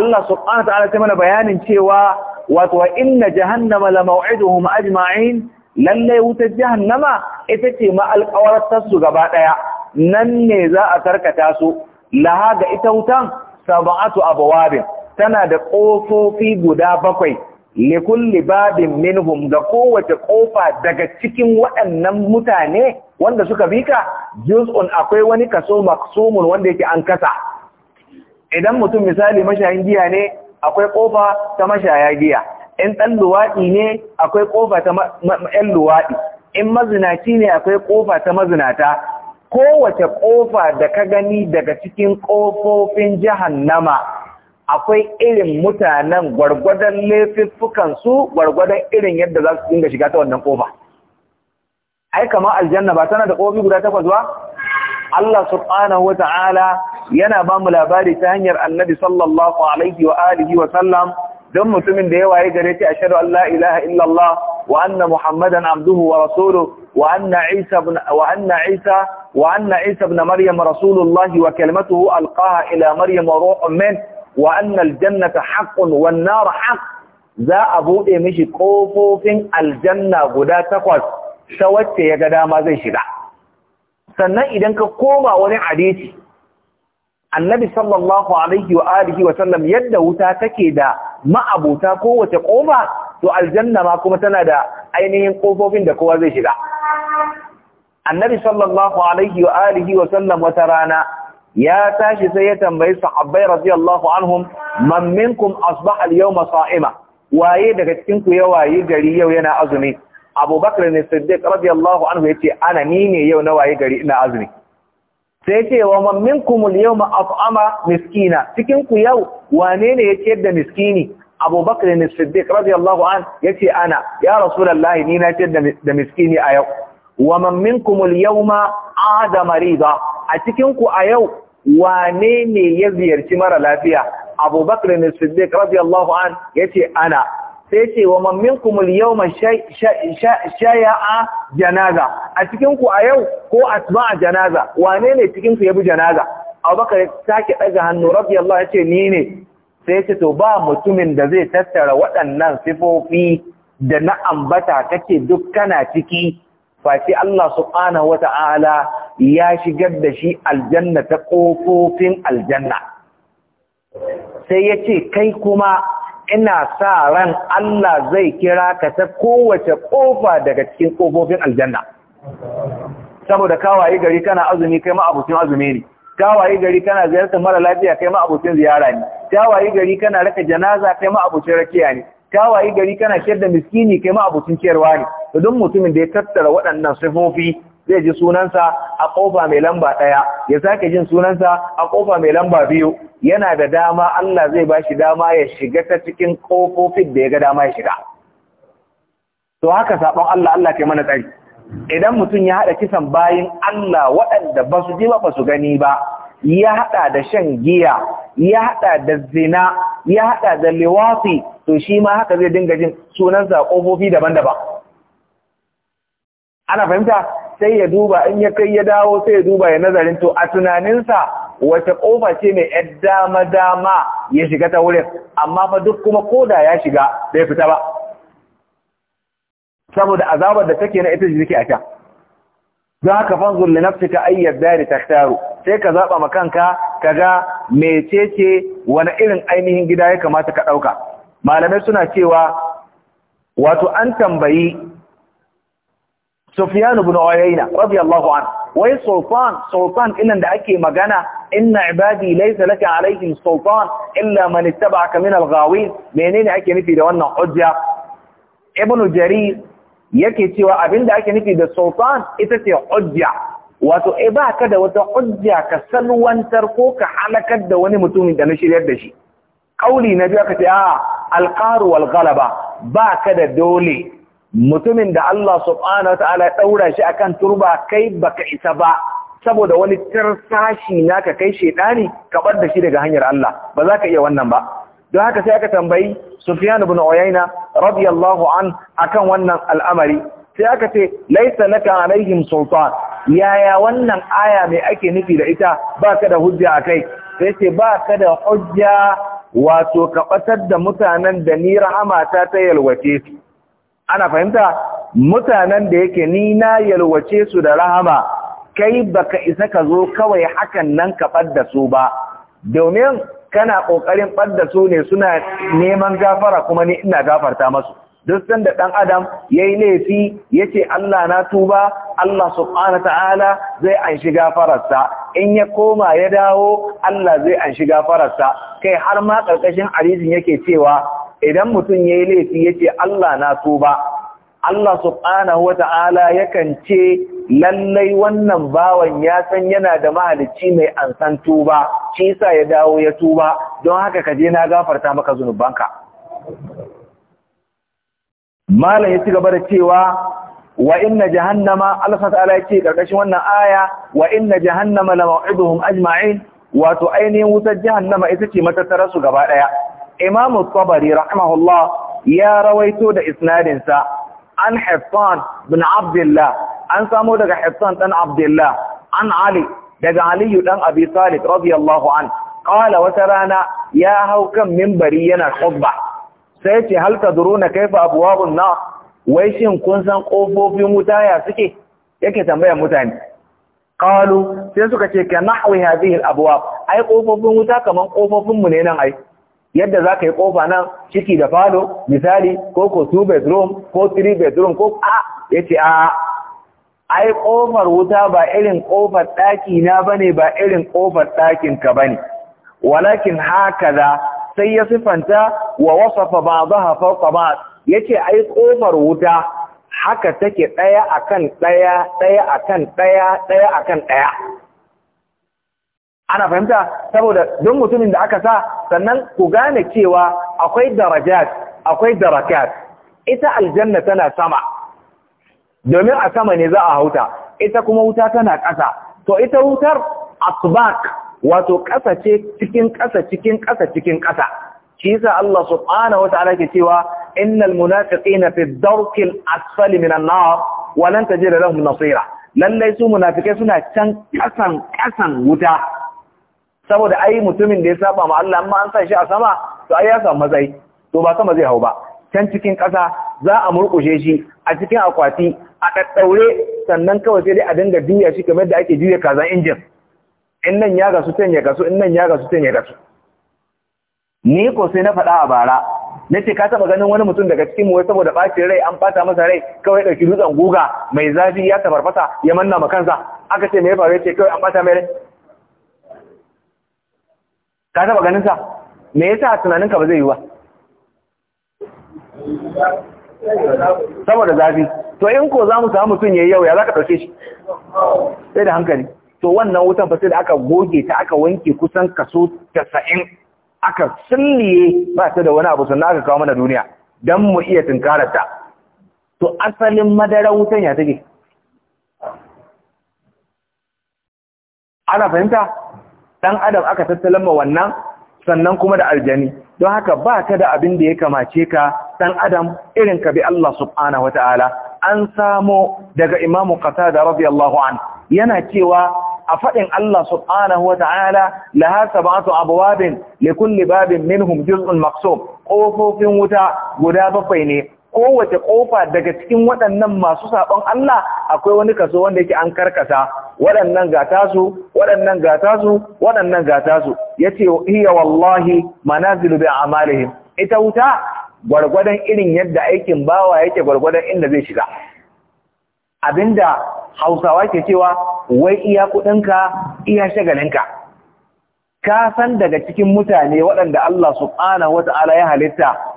Allah subhanahu ta'ala ta mana bayanin cewa wato inna jahannama la maw'iduhum ajma'in lallai wutar jahannama ita ce ma alkawartar su gaba ɗaya nan ne za a karkata su laha ga ita wutan sab'atu abwabin tana da ƙofofi guda bakwai li kulli babin minhum da kowace ƙofa daga cikin waɗannan mutane wanda suka bika juz'un akwai wani kaso maksumun wanda yake an kasa idan mutum misali mashayin giya ne akwai ƙofa ta mashaya giya in dan luwadi ne akwai ƙofa ta ƴan luwaɗi in mazinaci ne akwai ƙofa ta mazinata kowace ƙofa da ka gani daga cikin ƙofofin jahannama akwai irin mutanen gwargwadon su gwargwadon irin yadda za su dinga shiga ta wannan ƙofa. Ai, kamar aljanna ba tana da ƙofi guda takwas ba? Allah subhanahu wa ta'ala yana ba mu labari ta hanyar annabi sallallahu alaihi wa alihi wa sallam don mutumin da yawa waye gare shi a shaɗu Allah ilaha illallah wa anna Muhammadan abduhu wa rasuluhu وأن عيسى بن وأن عيسى وأن عيسى بن مريم رسول الله وكلمته ألقاها إلى مريم وروح منه وأن الجنة حق والنار حق ذا أبو إمشي كوفوف الجنة غدا تقوس شوت يا جدا ما زي شدا سنة إذا كقوم أولي حديثي النبي صلى الله عليه وآله وسلم يده تاتكي دا ما أبو تاكو وتقوم to aljanna ma kuma tana da ainihin kofofin da kowa zai shiga annabi sallallahu alaihi wa alihi wa sallam wata rana ya tashi sai ya tambayi sahabbai radiyallahu anhum man minkum asbaha al-yawma sa'ima waye daga cikin ku ya waye gari yau yana azumi abubakar ne siddiq radiyallahu anhu yace ana ni ne yau na waye gari ina azumi sai ce wa man minkum al-yawma at'ama miskina cikin ku yau wane ne ya ciyar da miskini Abu Bakr ibn Siddiq radiyallahu an yace ana ya Rasulullahi ni na ce da miskini a yau wa man minkum al-yawma ada marida a cikin ku a yau wane ne ya ziyarci mara lafiya Abu Bakr ibn Siddiq radiyallahu an yace ana sai ce wa man minkum al-yawma shay'a janaza a cikin ku a yau ko asba'a janaza wane ne cikin ku ya bi janaza Abu Bakr sake daga hannu radiyallahu yace ni ne sai ce to ba mutumin da zai tattara waɗannan sifofi da na ambata kace duk kana ciki face Allah subhanahu wata'ala ya shigar da shi aljanna ta kofofin aljanna sai ya ce kai kuma ina sa ran Allah zai kira ka ta kowace kofa daga cikin kofofin aljanna saboda kawaye gari kana azumi kai ma abucin azumi ne tawaye gari kana ziyartar mara lafiya kai ma abokin ziyara ne tawaye gari kana raka janaza kai ma abokin rakiya ne tawaye gari kana ciyar da miskini kai ma abokin ciyarwa ne to duk mutumin da ya tattara waɗannan sifofi zai ji sunansa a kofa mai lamba ɗaya ya sake jin sunansa a kofa mai lamba biyu yana da dama Allah zai ba shi dama ya shiga ta cikin ƙofofin da ya ga dama ya shiga to haka sabon Allah Allah kai mana tsari idan mutum ya haɗa kisan bayan Allah waɗanda ba su ji ba su gani ba ya haɗa da shan giya ya haɗa da zina ya haɗa da liwafi to shi ma haka zai dinga jin sunansa ƙofofi daban-daban ana fahimta sai ya duba in ya kai ya dawo sai ya duba ya nazarin to a tunaninsa wata ƙofa ce mai ‘yar dama-dama ya shiga ta wurin, amma fa duk kuma koda ya shiga bai fita ba. saboda azabar da take na ita take a ta don haka fanzur li nafsika ayyad dari takhtaru sai ka zaba ma kanka kaga mecece wani irin ainihin gida ya kamata ka dauka malamai suna cewa wato an tambayi Sufyan ibn Uyayna radiyallahu anhu wai sultan sultan ilan da ake magana inna ibadi laysa laka alaihim sultan illa man ittaba'aka min al-ghawin menene ake nufi da wannan hujja Ibn Jarir yake cewa abin da ake nufi da sultan ita ce hujja wato eh ba ka da wata hujja ka salwantar ko ka halakar da wani mutumin da na shiryar da shi kauli na biyu aka ce a alqaru wal ghalaba ba ka da dole mutumin da Allah subhanahu wataala ya daura shi akan turba kai baka isa ba saboda wani tirsashi naka kai shedani ka bar da shi daga hanyar Allah ba za ka iya wannan ba don haka sai aka tambayi Sufyan ibn Uyayna radiyallahu an akan wannan al'amari sai aka ce laisa laka alaihim sultan yaya wannan aya mai ake nufi da ita Ba ka da hujja akai sai ce ba ka da hujja wato ka batar da mutanen da ni Rahama ta yalwace su ana fahimta mutanen da yake ni na yalwace su da rahama kai baka isa ka zo kawai hakan nan ka da su ba domin kana ƙoƙarin ɓadda su ne suna neman gafara kuma ni ina gafarta masu duk sanda ɗan adam ya yi laifi ya ce Allah na tuba Allah subhanahu ta'ala zai anshi gafararsa in ya koma ya dawo Allah zai anshi gafararsa kai har ma ƙarƙashin arizin yake cewa idan mutum ya yi laifi ya ce Allah na tuba Allah subhanahu ta'ala yakan ce lallai wannan bawan ya san yana da mahalicci mai ansan tuba shi ya dawo ya tuba don haka ka je na gafarta maka zunubanka malam ya ci gaba da cewa wa inna jahannama Allah ta'ala yake ƙarƙashin wannan aya wa inna jahannama la maw'iduhum ajma'in wato ainihin wutar jahannama ita ce matattarar gaba ɗaya imam tabari rahimahullah ya rawaito da isnadinsa an Hassan bin Abdullah an samo daga Hassan dan Abdullah an Ali daga Aliyu dan Abi Talib radiyallahu an qala wata rana ya hau kan minbari yana khutba sai ce hal tadruna kaifa abwabun na. wai shin kun san kofofin wuta ya suke yake tambaya mutane qalu sai suka ce ka nahwi hadhihi al-abwab ai kofofin wuta kaman kofofin mu ne nan ai yadda za ka yi ƙofa nan ciki da falo misali ko ko two bedroom ko three bedroom ko a ya ce a ai ƙofar wuta ba irin ƙofar ɗaki na bane ba irin ƙofar ɗakin ka bane walakin hakaza sai ya sifanta wa wasafa ba'daha fawqa ba'd yace ai ƙofar wuta haka take ɗaya akan ɗaya ɗaya akan ɗaya ɗaya akan ɗaya ana fahimta saboda don mutumin da aka sa sannan ku gane cewa akwai darajat akwai darakat ita aljanna tana sama domin a sama ne za a hauta ita kuma wuta tana ƙasa to ita wutar asbaq wato ƙasa ce cikin ƙasa cikin ƙasa cikin ƙasa shi yasa Allah subhanahu wa ke cewa innal munafiqina fi dawkil asfali minan nar wa lan tajid lahum nasira lallai su munafikai suna can ƙasan ƙasan wuta saboda ai mutumin da ya saba ma Allah amma an sa shi a sama to ai ya samu matsayi to ba sama zai hau ba can cikin ƙasa za a murƙushe shi a cikin akwati a ɗaɗɗaure sannan kawai sai dai a dinga juya shi kamar da ake juya kazan injin in nan ya gasu can ya gasu in nan ya gasu can ya gasu ni ko sai na faɗa a bara na ce ka taɓa ganin wani mutum daga cikin wai saboda ɓacin rai an ɓata masa rai kawai ɗauki dutsen guga mai zafi ya tafarfasa ya manna ma kansa aka ce me ya faru ya ce kawai an ɓata mai rai ka taɓa ganin sa me yasa tunaninka ba zai yi ba saboda zafi to in ko za samu mutum ya yi yau ya za ka ɗauke shi sai da hankali to wannan wutan sai da aka goge ta aka wanke kusan kaso 90 aka sulliye ba ta da wani abu sannan aka kawo mana duniya dan mu iya tunkararta to asalin madara wutan ya take ana fahimta ɗan adam aka tattalin ma wannan sannan kuma da aljani don haka ba ka da abin da ya kamace ka dan adam irin ka bi Allah subhanahu an samo daga imamu qatada radiyallahu an yana cewa a faɗin Allah subhanahu wa ta'ala laha abwabin li babin minhum juz'un maqsum ƙofofin wuta guda bakwai ne kowace kofa daga cikin waɗannan masu saɓon Allah akwai wani kaso wanda yake an karkasa waɗannan ga tasu waɗannan ga tasu waɗannan ga tasu ce iya wallahi manazilu bi amalihim ita wuta gwargwadon irin yadda aikin bawa yake gwargwadon inda zai shiga abinda Hausawa ke cewa wai iya kuɗinka iya shagalinka ka san daga cikin mutane waɗanda Allah subhanahu Ta'ala ya halitta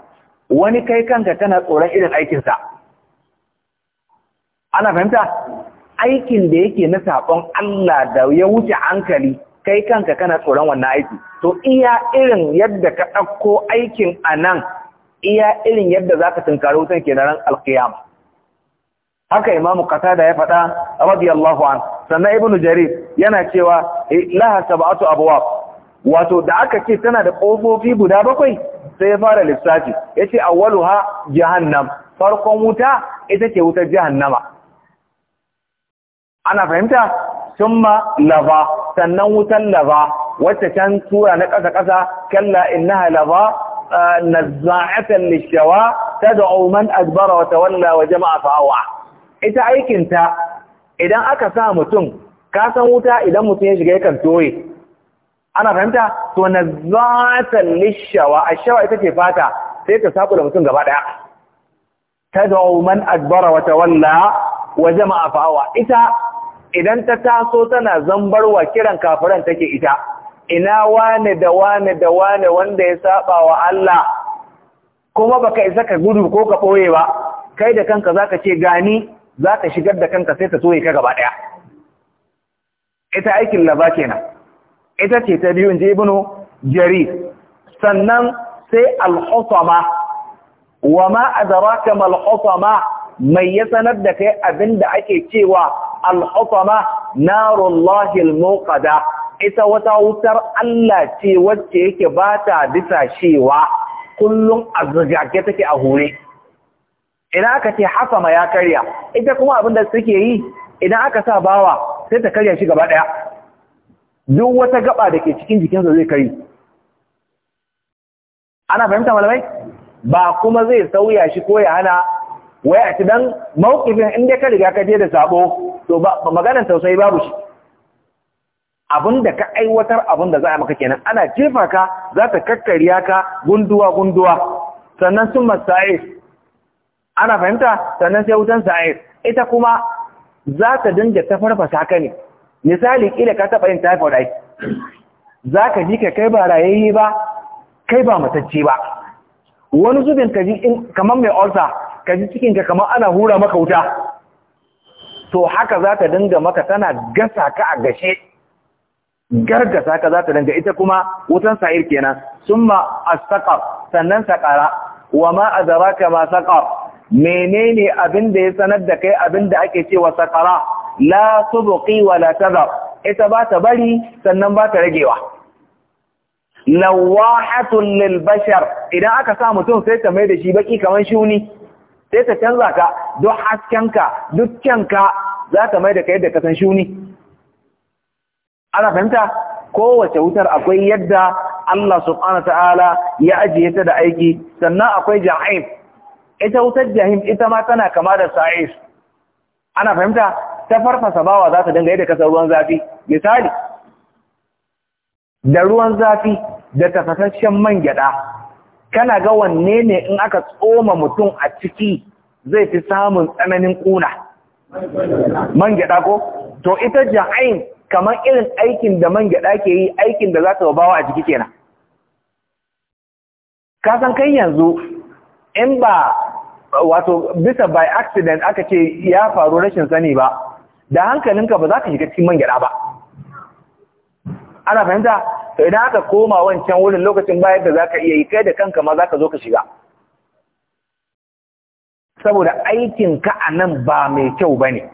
wani kai kanka tana tsoron irin aikinsa ana fahimta aikin da yake na saƙon Allah da ya wuce hankali kai kanka kana tsoron wannan aiki to iya irin yadda ka ɗauko aikin a nan iya irin yadda za ka tunkari wutan ke na ran alkiyama haka imamu da ya faɗa radiyallahu an sannan ibnu jarir yana cewa eh, laha sab'atu abwab wato da aka ce tana da ƙofofi guda bakwai sai ya fara lissafi ya ce ha ha jahannam farkon wuta ita ke wutar jihannama. ana fahimta ma lava sannan wutan lava wacce can tura na ƙasa ƙasa kalla innaha lava nazza'atan lishawa tad'u man agbara wa tawalla wa jama'a fa'awa ita aikinta idan aka sa mutum kasan wuta idan mutum ya shiga yakan toye ana fahimta to na zata lishawa a shawa ita ce fata sai ta sabu da mutum gaba daya ta dauman adbara wa tawalla wa jama'a fa'awa ita idan ta taso tana zambarwa kiran kafiran take ita ina wane da wane da wane wanda ya saba wa Allah kuma baka isa ka gudu ko ka boye ba kai da kanka zaka ce gani zaka shigar da kanka sai ta soye ka gaba daya ita aikin laba kenan ita ce ta biyu inji ibnu jarir sannan sai al husama wa ma adraka mal husama mai ya sanar da kai abinda ake cewa al Na narullahi al-muqada ita wata wutar Allah ce wacce yake bata bisa shewa kullum azgage take a hure idan aka ce hasama ya karya ita kuma abinda suke yi idan aka sa bawa sai ta karya shi gaba daya duk wata gaba da ke cikin jikinsa zai kari ana fahimta malamai ba kuma zai sauya shi ko ya hana wai a ci don mawkifin inda ka riga ka je da sabo to ba maganar tausayi babu shi da ka aiwatar da za a maka kenan ana jefa ka za ta ya ka gunduwa gunduwa sannan sun masa'ir ana fahimta sannan sai wutan sa'ir ita kuma za ta dinga ta farfasa ka ne misali ƙila ka taɓa yin typhoid ai za ka ji ka kai ba rayayye ba kai ba matacce ba wani zubin ka ji kamar mai ulcer ka ji cikinka kamar ana hura maka wuta to haka za ka dinga maka tana gasa ka a gashe gargasa ka za ta dinga ita kuma wutan sa'ir kenan summa as-saqar sannan saqara wa ma ka ma saqar menene abin da ya sanar da kai abin da ake cewa saqara la tubqi wa la tadha ita ba ta bari sannan ba ta ragewa lawahatun lil bashar idan aka sa mutum sai ta mai da shi baki kaman shuni sai ta canza ka duk ka duk kyanka za ta mai da ka yadda ka san shuni ana fahimta kowace wutar akwai yadda Allah subhanahu ta'ala ya ajiye ta da aiki sannan akwai jahim ita wutar jahim ita ma tana kama da sa'is ana fahimta ta farfasa bawa za ta dinga da kasar ruwan zafi misali da ruwan zafi da tafasasshen man gyada kana ga wanne ne in aka tsoma mutum a ciki zai fi samun tsananin kuna man gyada ko to ita ja'ain kamar irin aikin da man gyada ke yi aikin da za ta bawa a jiki kenan ka san kai yanzu in ba wato bisa by accident aka ce ya faru rashin sani ba da hankalinka ba za ka shiga cikin mangyara ba ana fahimta to idan aka koma wancan wurin lokacin bayan da za ka iya yi kai da kanka ma za ka zo ka shiga saboda aikinka a nan ba mai kyau ba ne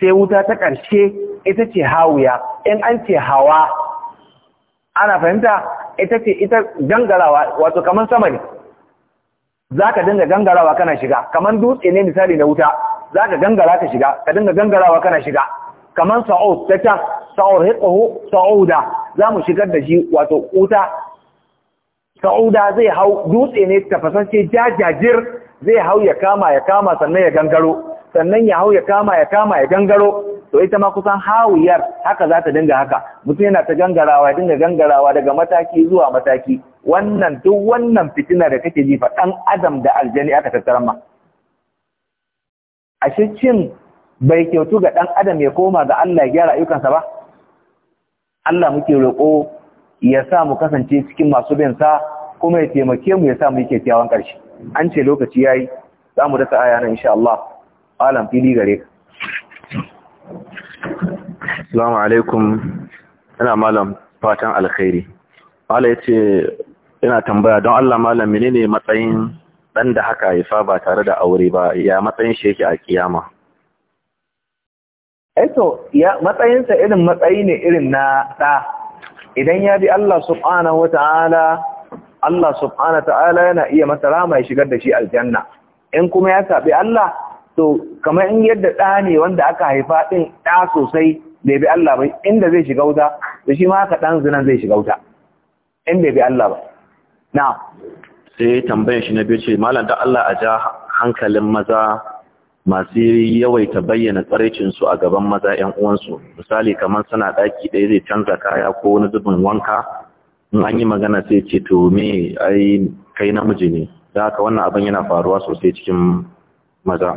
sai wuta ta ƙarshe ita ce hawuya in an ce hawa ana fahimta ita ce ita gangarawa wato kamar sama ne za ka dinga gangarawa kana shiga kamar dutse ne misali na wuta za ka gangara ka shiga ka dinga gangarawa kana shiga kamar sa'ud ta can sa'ud hiqahu sa'uda za mu shigar da shi wato kuta sa'uda zai hau dutse ne tafasance jajajir zai hau ya kama ya kama sannan ya gangaro sannan ya hau ya kama ya kama ya gangaro to ita ma kusan hawiyar haka za ta dinga haka mutum yana ta gangarawa ya dinga gangarawa daga mataki zuwa mataki wannan duk wannan fitina da kake jifa ɗan adam da aljani aka tattaran ma ashe cin bai kyautu ga ɗan adam ya koma ga Allah ya gyara ayyukansa ba Allah muke roƙo ya sa mu kasance cikin masu bin sa kuma ya taimake mu ya sa mu yi kyakkyawan ƙarshe an ce lokaci yayi za mu dasa aya nan insha Allah alam fili gare ka Assalamu alaikum ina malam fatan alkhairi Allah yace ina tambaya don Allah malam menene matsayin dan da haka haifa ba tare da aure ba ya matsayin shi yake a kiyama eto eh ya matsayinsa irin matsayi ne irin na da idan ya bi Allah subhanahu wata'ala Allah subhanahu wata'ala yana iya masa rama ya shigar da shi aljanna in kuma ya saɓi Allah to kamar in yadda da ne wanda aka haifa ɗin ɗa sosai bai bi Allah ba inda zai shiga wuta to shi ma haka dan zinan zai shiga wuta in bai bi Allah ba na'am sai tambayar shi na biyu ce malam da Allah a ja hankalin maza masu yawaita bayyana tsaraicinsu a gaban maza 'yan uwansu misali kamar suna ɗaki ɗaya zai canza kaya ko wani zubin wanka in an yi magana sai ce to me ai kai namiji ne da haka wannan abin yana faruwa sosai cikin maza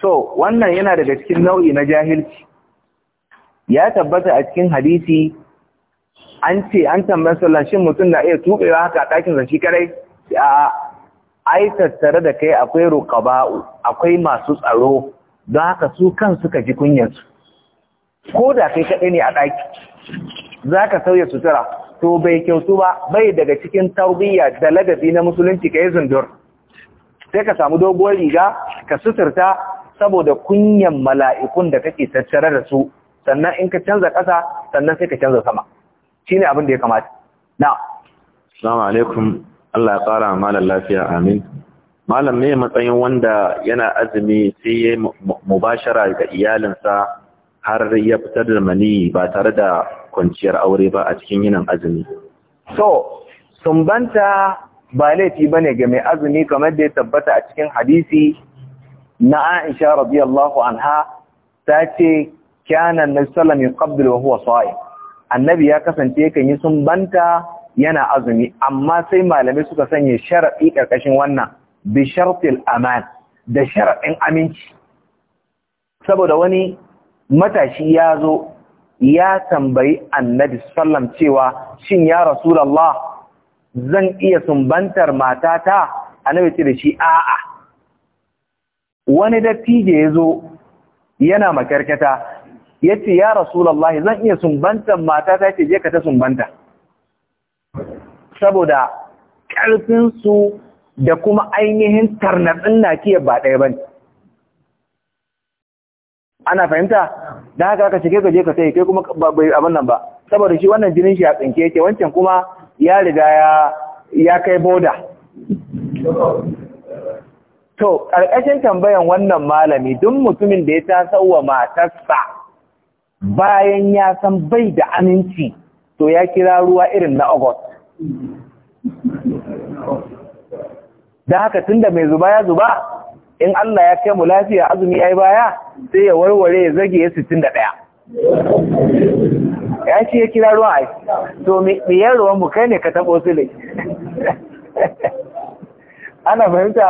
to wannan yana daga cikin nau'i na jahilci ya tabbata a cikin hadisi an ce an tambayar sallah shin mutum na iya tubewa haka a ɗakin sa shi a ai tattare da kai akwai rukaba'u akwai masu tsaro don haka su kan suka ji kunyansu ko da kai kaɗai ne a ɗaki za ka sauya sutura to bai kyautu ba bai daga cikin tarbiyya da ladabi na musulunci ka yi zundur sai ka samu doguwar riga ka suturta saboda kunyan mala'ikun da kake tattare da su sannan in ka canza ƙasa sannan sai ka canza sama shine abin da ya kamata na assalamu alaikum Allah ya ƙara malam lafiya amin malam ne matsayin wanda yana azumi sai ya mubashara ga iyalinsa har ya fitar da mani ba tare da kwanciyar aure ba a cikin yinan azumi so sumbanta ba laifi bane ga mai azumi kamar da ya tabbata a cikin hadisi na Aisha radiyallahu anha ta ce kana annabi sallallahu wa huwa sa'im annabi ya kasance yakan yi sumbanta yana azumi amma sai malamai suka sanya sharaɗi ƙarƙashin wannan bi shartil aman da sharaɗin aminci saboda wani matashi ya zo ya tambayi annabi sallam cewa shin ya Allah? zan iya sumbantar matata annabi ce da shi a'a wani dattijo ya zo yana makarkata ce ya Allah, zan iya sumbantar matata ce je ka ta sumbanta saboda ƙarfinsu da kuma ainihin na kiyar ba ɗaya ba ne ana fahimta da haka aka shige gaje ka sai kai kuma bai abin nan ba saboda shi wannan jinin shi a tsinke yake wancan kuma ya riga ya kai boda To, ƙarƙashin tambayan wannan malami duk mutumin da ya tasar wa matarsa bayan ya san bai da aminci, to ya kira ruwa irin na August. da haka tun da mai zuba ya zuba in Allah ya kai mu lafiya azumi ai baya sai ya warware ya zage ya 61 ya ce ya kira ruwan ai to me ya ruwan mu kai ne ka tabo su ana fahimta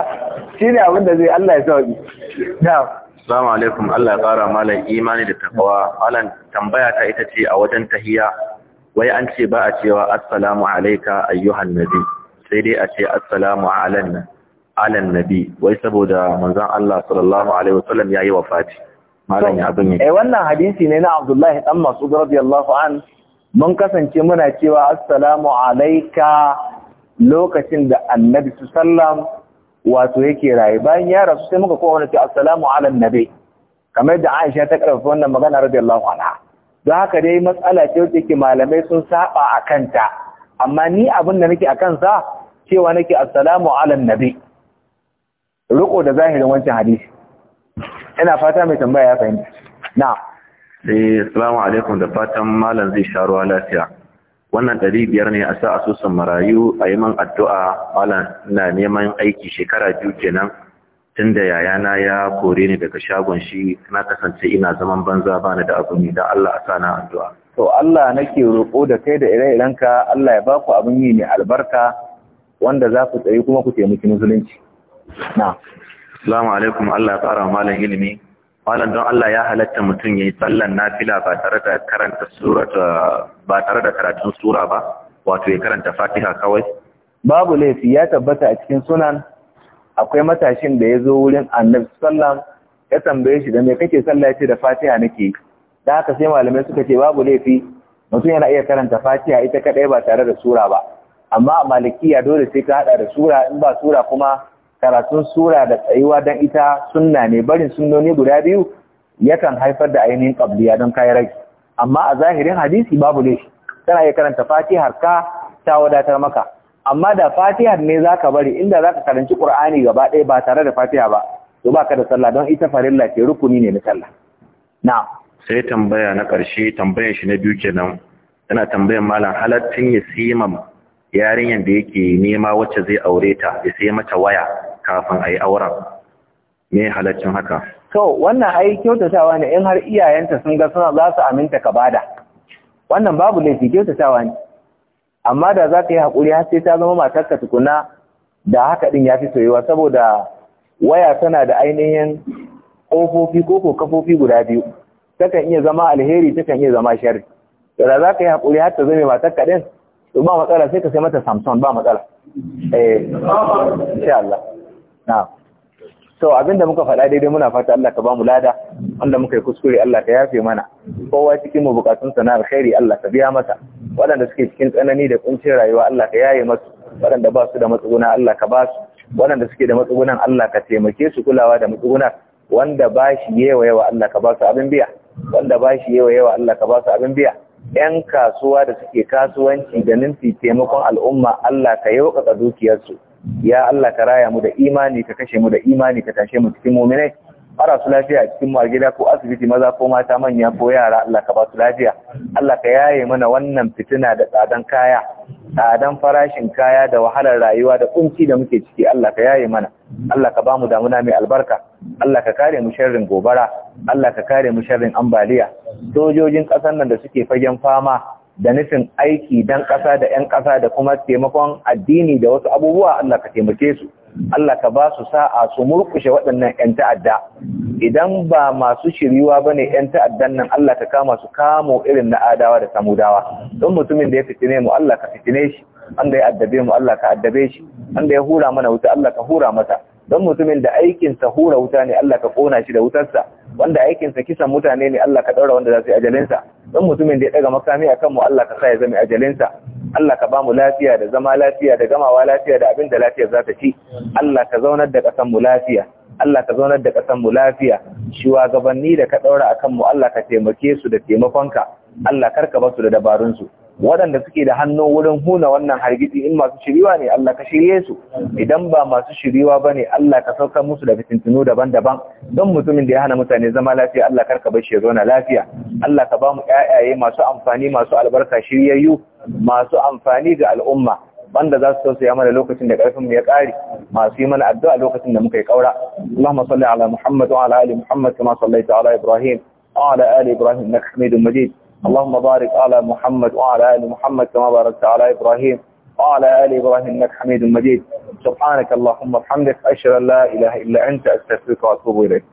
shine abin da zai Allah ya sauki na'am Assalamu alaikum Allah ya ƙara malam imani da takawa malam tambaya ta ita ce a wajen tahiya wai an ce ba a cewa assalamu alaika ayyuhan nabi sai dai a ce assalamu alan alan nabi wai saboda manzon Allah sallallahu alaihi wasallam yayi wafati malam ya abin eh wannan hadisi ne na Abdullahi dan Mas'ud radiyallahu an mun kasance muna cewa assalamu alaika lokacin da annabi sallam wato yake raye bayan ya rasu sai muka kowa wani ce assalamu Alan nabi kamar da Aisha ta karfafa wannan magana radiyallahu anha don haka dai matsala ce wacce ke malamai sun saba a kanta amma ni abin da nake a kansa cewa nake assalamu ala nabi riko da zahirin wancan hadisi ina fata mai tambaya ya fahimta na sai eh, assalamu alaikum da fatan malam zai sha ruwa lafiya wannan ɗari biyar ne a sa asusun marayu a yi man addu'a malam na neman aiki shekara biyu kenan tunda yayana ya kore ni daga shagon shi na kasance ina zaman banza bani da abin yi don Allah a sana addu'a to Allah nake roƙo da kai da ire-irenka Allah ya baku abin yi mai albarka wanda za ku tsaye kuma ku taimaki musulunci na Salamu alaikum Allah ya tsara malam ilimi malam don Allah ya halatta mutum yayi sallan nafila ba tare da karanta ba tare da karatun sura ba wato ya karanta Fatiha kawai babu laifi ya tabbata a cikin sunan akwai matashin da ya zo wurin annabi sallam ya tambaye shi da "Mai kake sallah ce da fatiha nake da haka sai malamai suka ce babu laifi mutum yana iya karanta fatiha ita kadai ba tare da sura ba amma a malikiya dole sai ka hada da sura in ba sura kuma karatun sura da tsayuwa dan ita sunna ne barin sunnoni guda biyu yakan haifar da ainihin qabliya don kai rage amma a zahirin hadisi babu laifi kana iya karanta har ka ta wadatar maka amma da fatiha ne za ka bari inda za ka karanci qur'ani gaba ɗaya ba tare da fatiha ba to ba ka da sallah don ita farilla ke rukuni ne na sallah Na. sai tambaya na ƙarshe tambayar shi na biyu kenan yana tambayar malam halattun ya siman yarinyar da yake nema wacce zai aure ta ya sai mata waya kafin a yi auren me halaccin haka to wannan ai kyautatawa ne in har iyayenta sun ga suna za su aminta ka bada wannan babu laifi kyautatawa ne amma da za ka yi haƙuri har sai ta zama matarka tukuna da haka din ya fi soyewa saboda waya tana da ainihin ƙofofi ko ko kafofi guda biyu takan iya zama alheri takan iya zama shari da za ka yi haƙuri har ta zame matarka din, to ba matsala sai ka sai mata samson ba matsala eh insha Allah na'am so abinda muka faɗa daidai muna fata Allah ka bamu lada wanda muka yi kuskure Allah ka yafe mana kowa cikin mu bukatun sana alkhairi Allah ka biya masa waɗanda suke cikin tsanani da kuncin rayuwa Allah ka yaye masu waɗanda ba su da matsuguna Allah ka ba su waɗanda suke da matsugunan Allah ka taimake su kulawa da matsugunan wanda ba shi yewa yawa Allah ka ba su abin biya wanda ba shi yewa yawa Allah ka ba su abin biya ‘yan kasuwa da suke kasuwanci da nufi taimakon al'umma Allah ka yaukaka dukiyarsu ya Allah ka raya mu da imani ka kashe mu da imani ka tashe mu cikin mu'minai fara su lafiya a cikin gida ko asibiti maza ko mata manya ko yara Allah ka ba su lafiya Allah ka yaye mana wannan fitina da tsadan kaya tsadan farashin kaya da wahalar rayuwa da kunci da muke ciki Allah ka yaye mana Allah ka bamu damuna mai albarka Allah ka kare mu sharrin gobara Allah ka kare mu sharrin ambaliya sojojin ƙasar nan da suke fagen fama da nufin aiki don ƙasa da 'yan ƙasa da kuma taimakon addini da wasu abubuwa Allah ka taimake su Allah ka ba su sa'a su murkushe waɗannan 'yan ta'adda idan ba masu shiriwa ba ne 'yan ta'addan nan Allah ka kama su kamo irin na adawa da samudawa don mutumin da ya fitine mu Allah ka fitine shi an da ya addabe mu Allah ka addabe shi an da ya hura mana wuta Allah ka hura mata. don mutumin da aikinsa hura wuta ne Allah ka kona shi da wutarsa wanda aikinsa kisan mutane ne Allah ka ɗaura wanda za su yi ajalinsa don mutumin da ya ɗaga makami akan kanmu Allah ka sa ya zama ajalinsa Allah ka ba mu lafiya da zama lafiya da gamawa lafiya da abin da lafiya za ta ci Allah ka zaunar da ƙasar mu lafiya Allah ka zaunar da kasan mu lafiya shuwagabanni da ka ɗaura akan kanmu Allah ka taimake su da taimakon ka. Allah karka basu da dabarunsu waɗanda suke da hannu wurin huna wannan hargitsi in masu shiriwa ne Allah ka shirye su idan ba masu shiriwa ba ne Allah ka saukar musu da fitintunu daban-daban don mutumin da ya hana mutane zama lafiya Allah kar ka bashi ya zauna lafiya Allah ka ba mu ƴaƴaye masu amfani masu albarka shiryayyu masu amfani ga al'umma banda za su tausaya mana lokacin da karfin mu ya kare masu yi mana addu'a lokacin da muka yi kaura Allahumma salli ala Muhammad wa ala ali Muhammad kama sallaita ala Ibrahim wa ala ali Ibrahim innaka Hamidum Majid اللهم بارك على محمد وعلى آل محمد كما باركت على إبراهيم وعلى آل إبراهيم إنك حميد مجيد سبحانك اللهم وبحمدك أشهد أن لا إله إلا أنت أستغفرك وأتوب إليك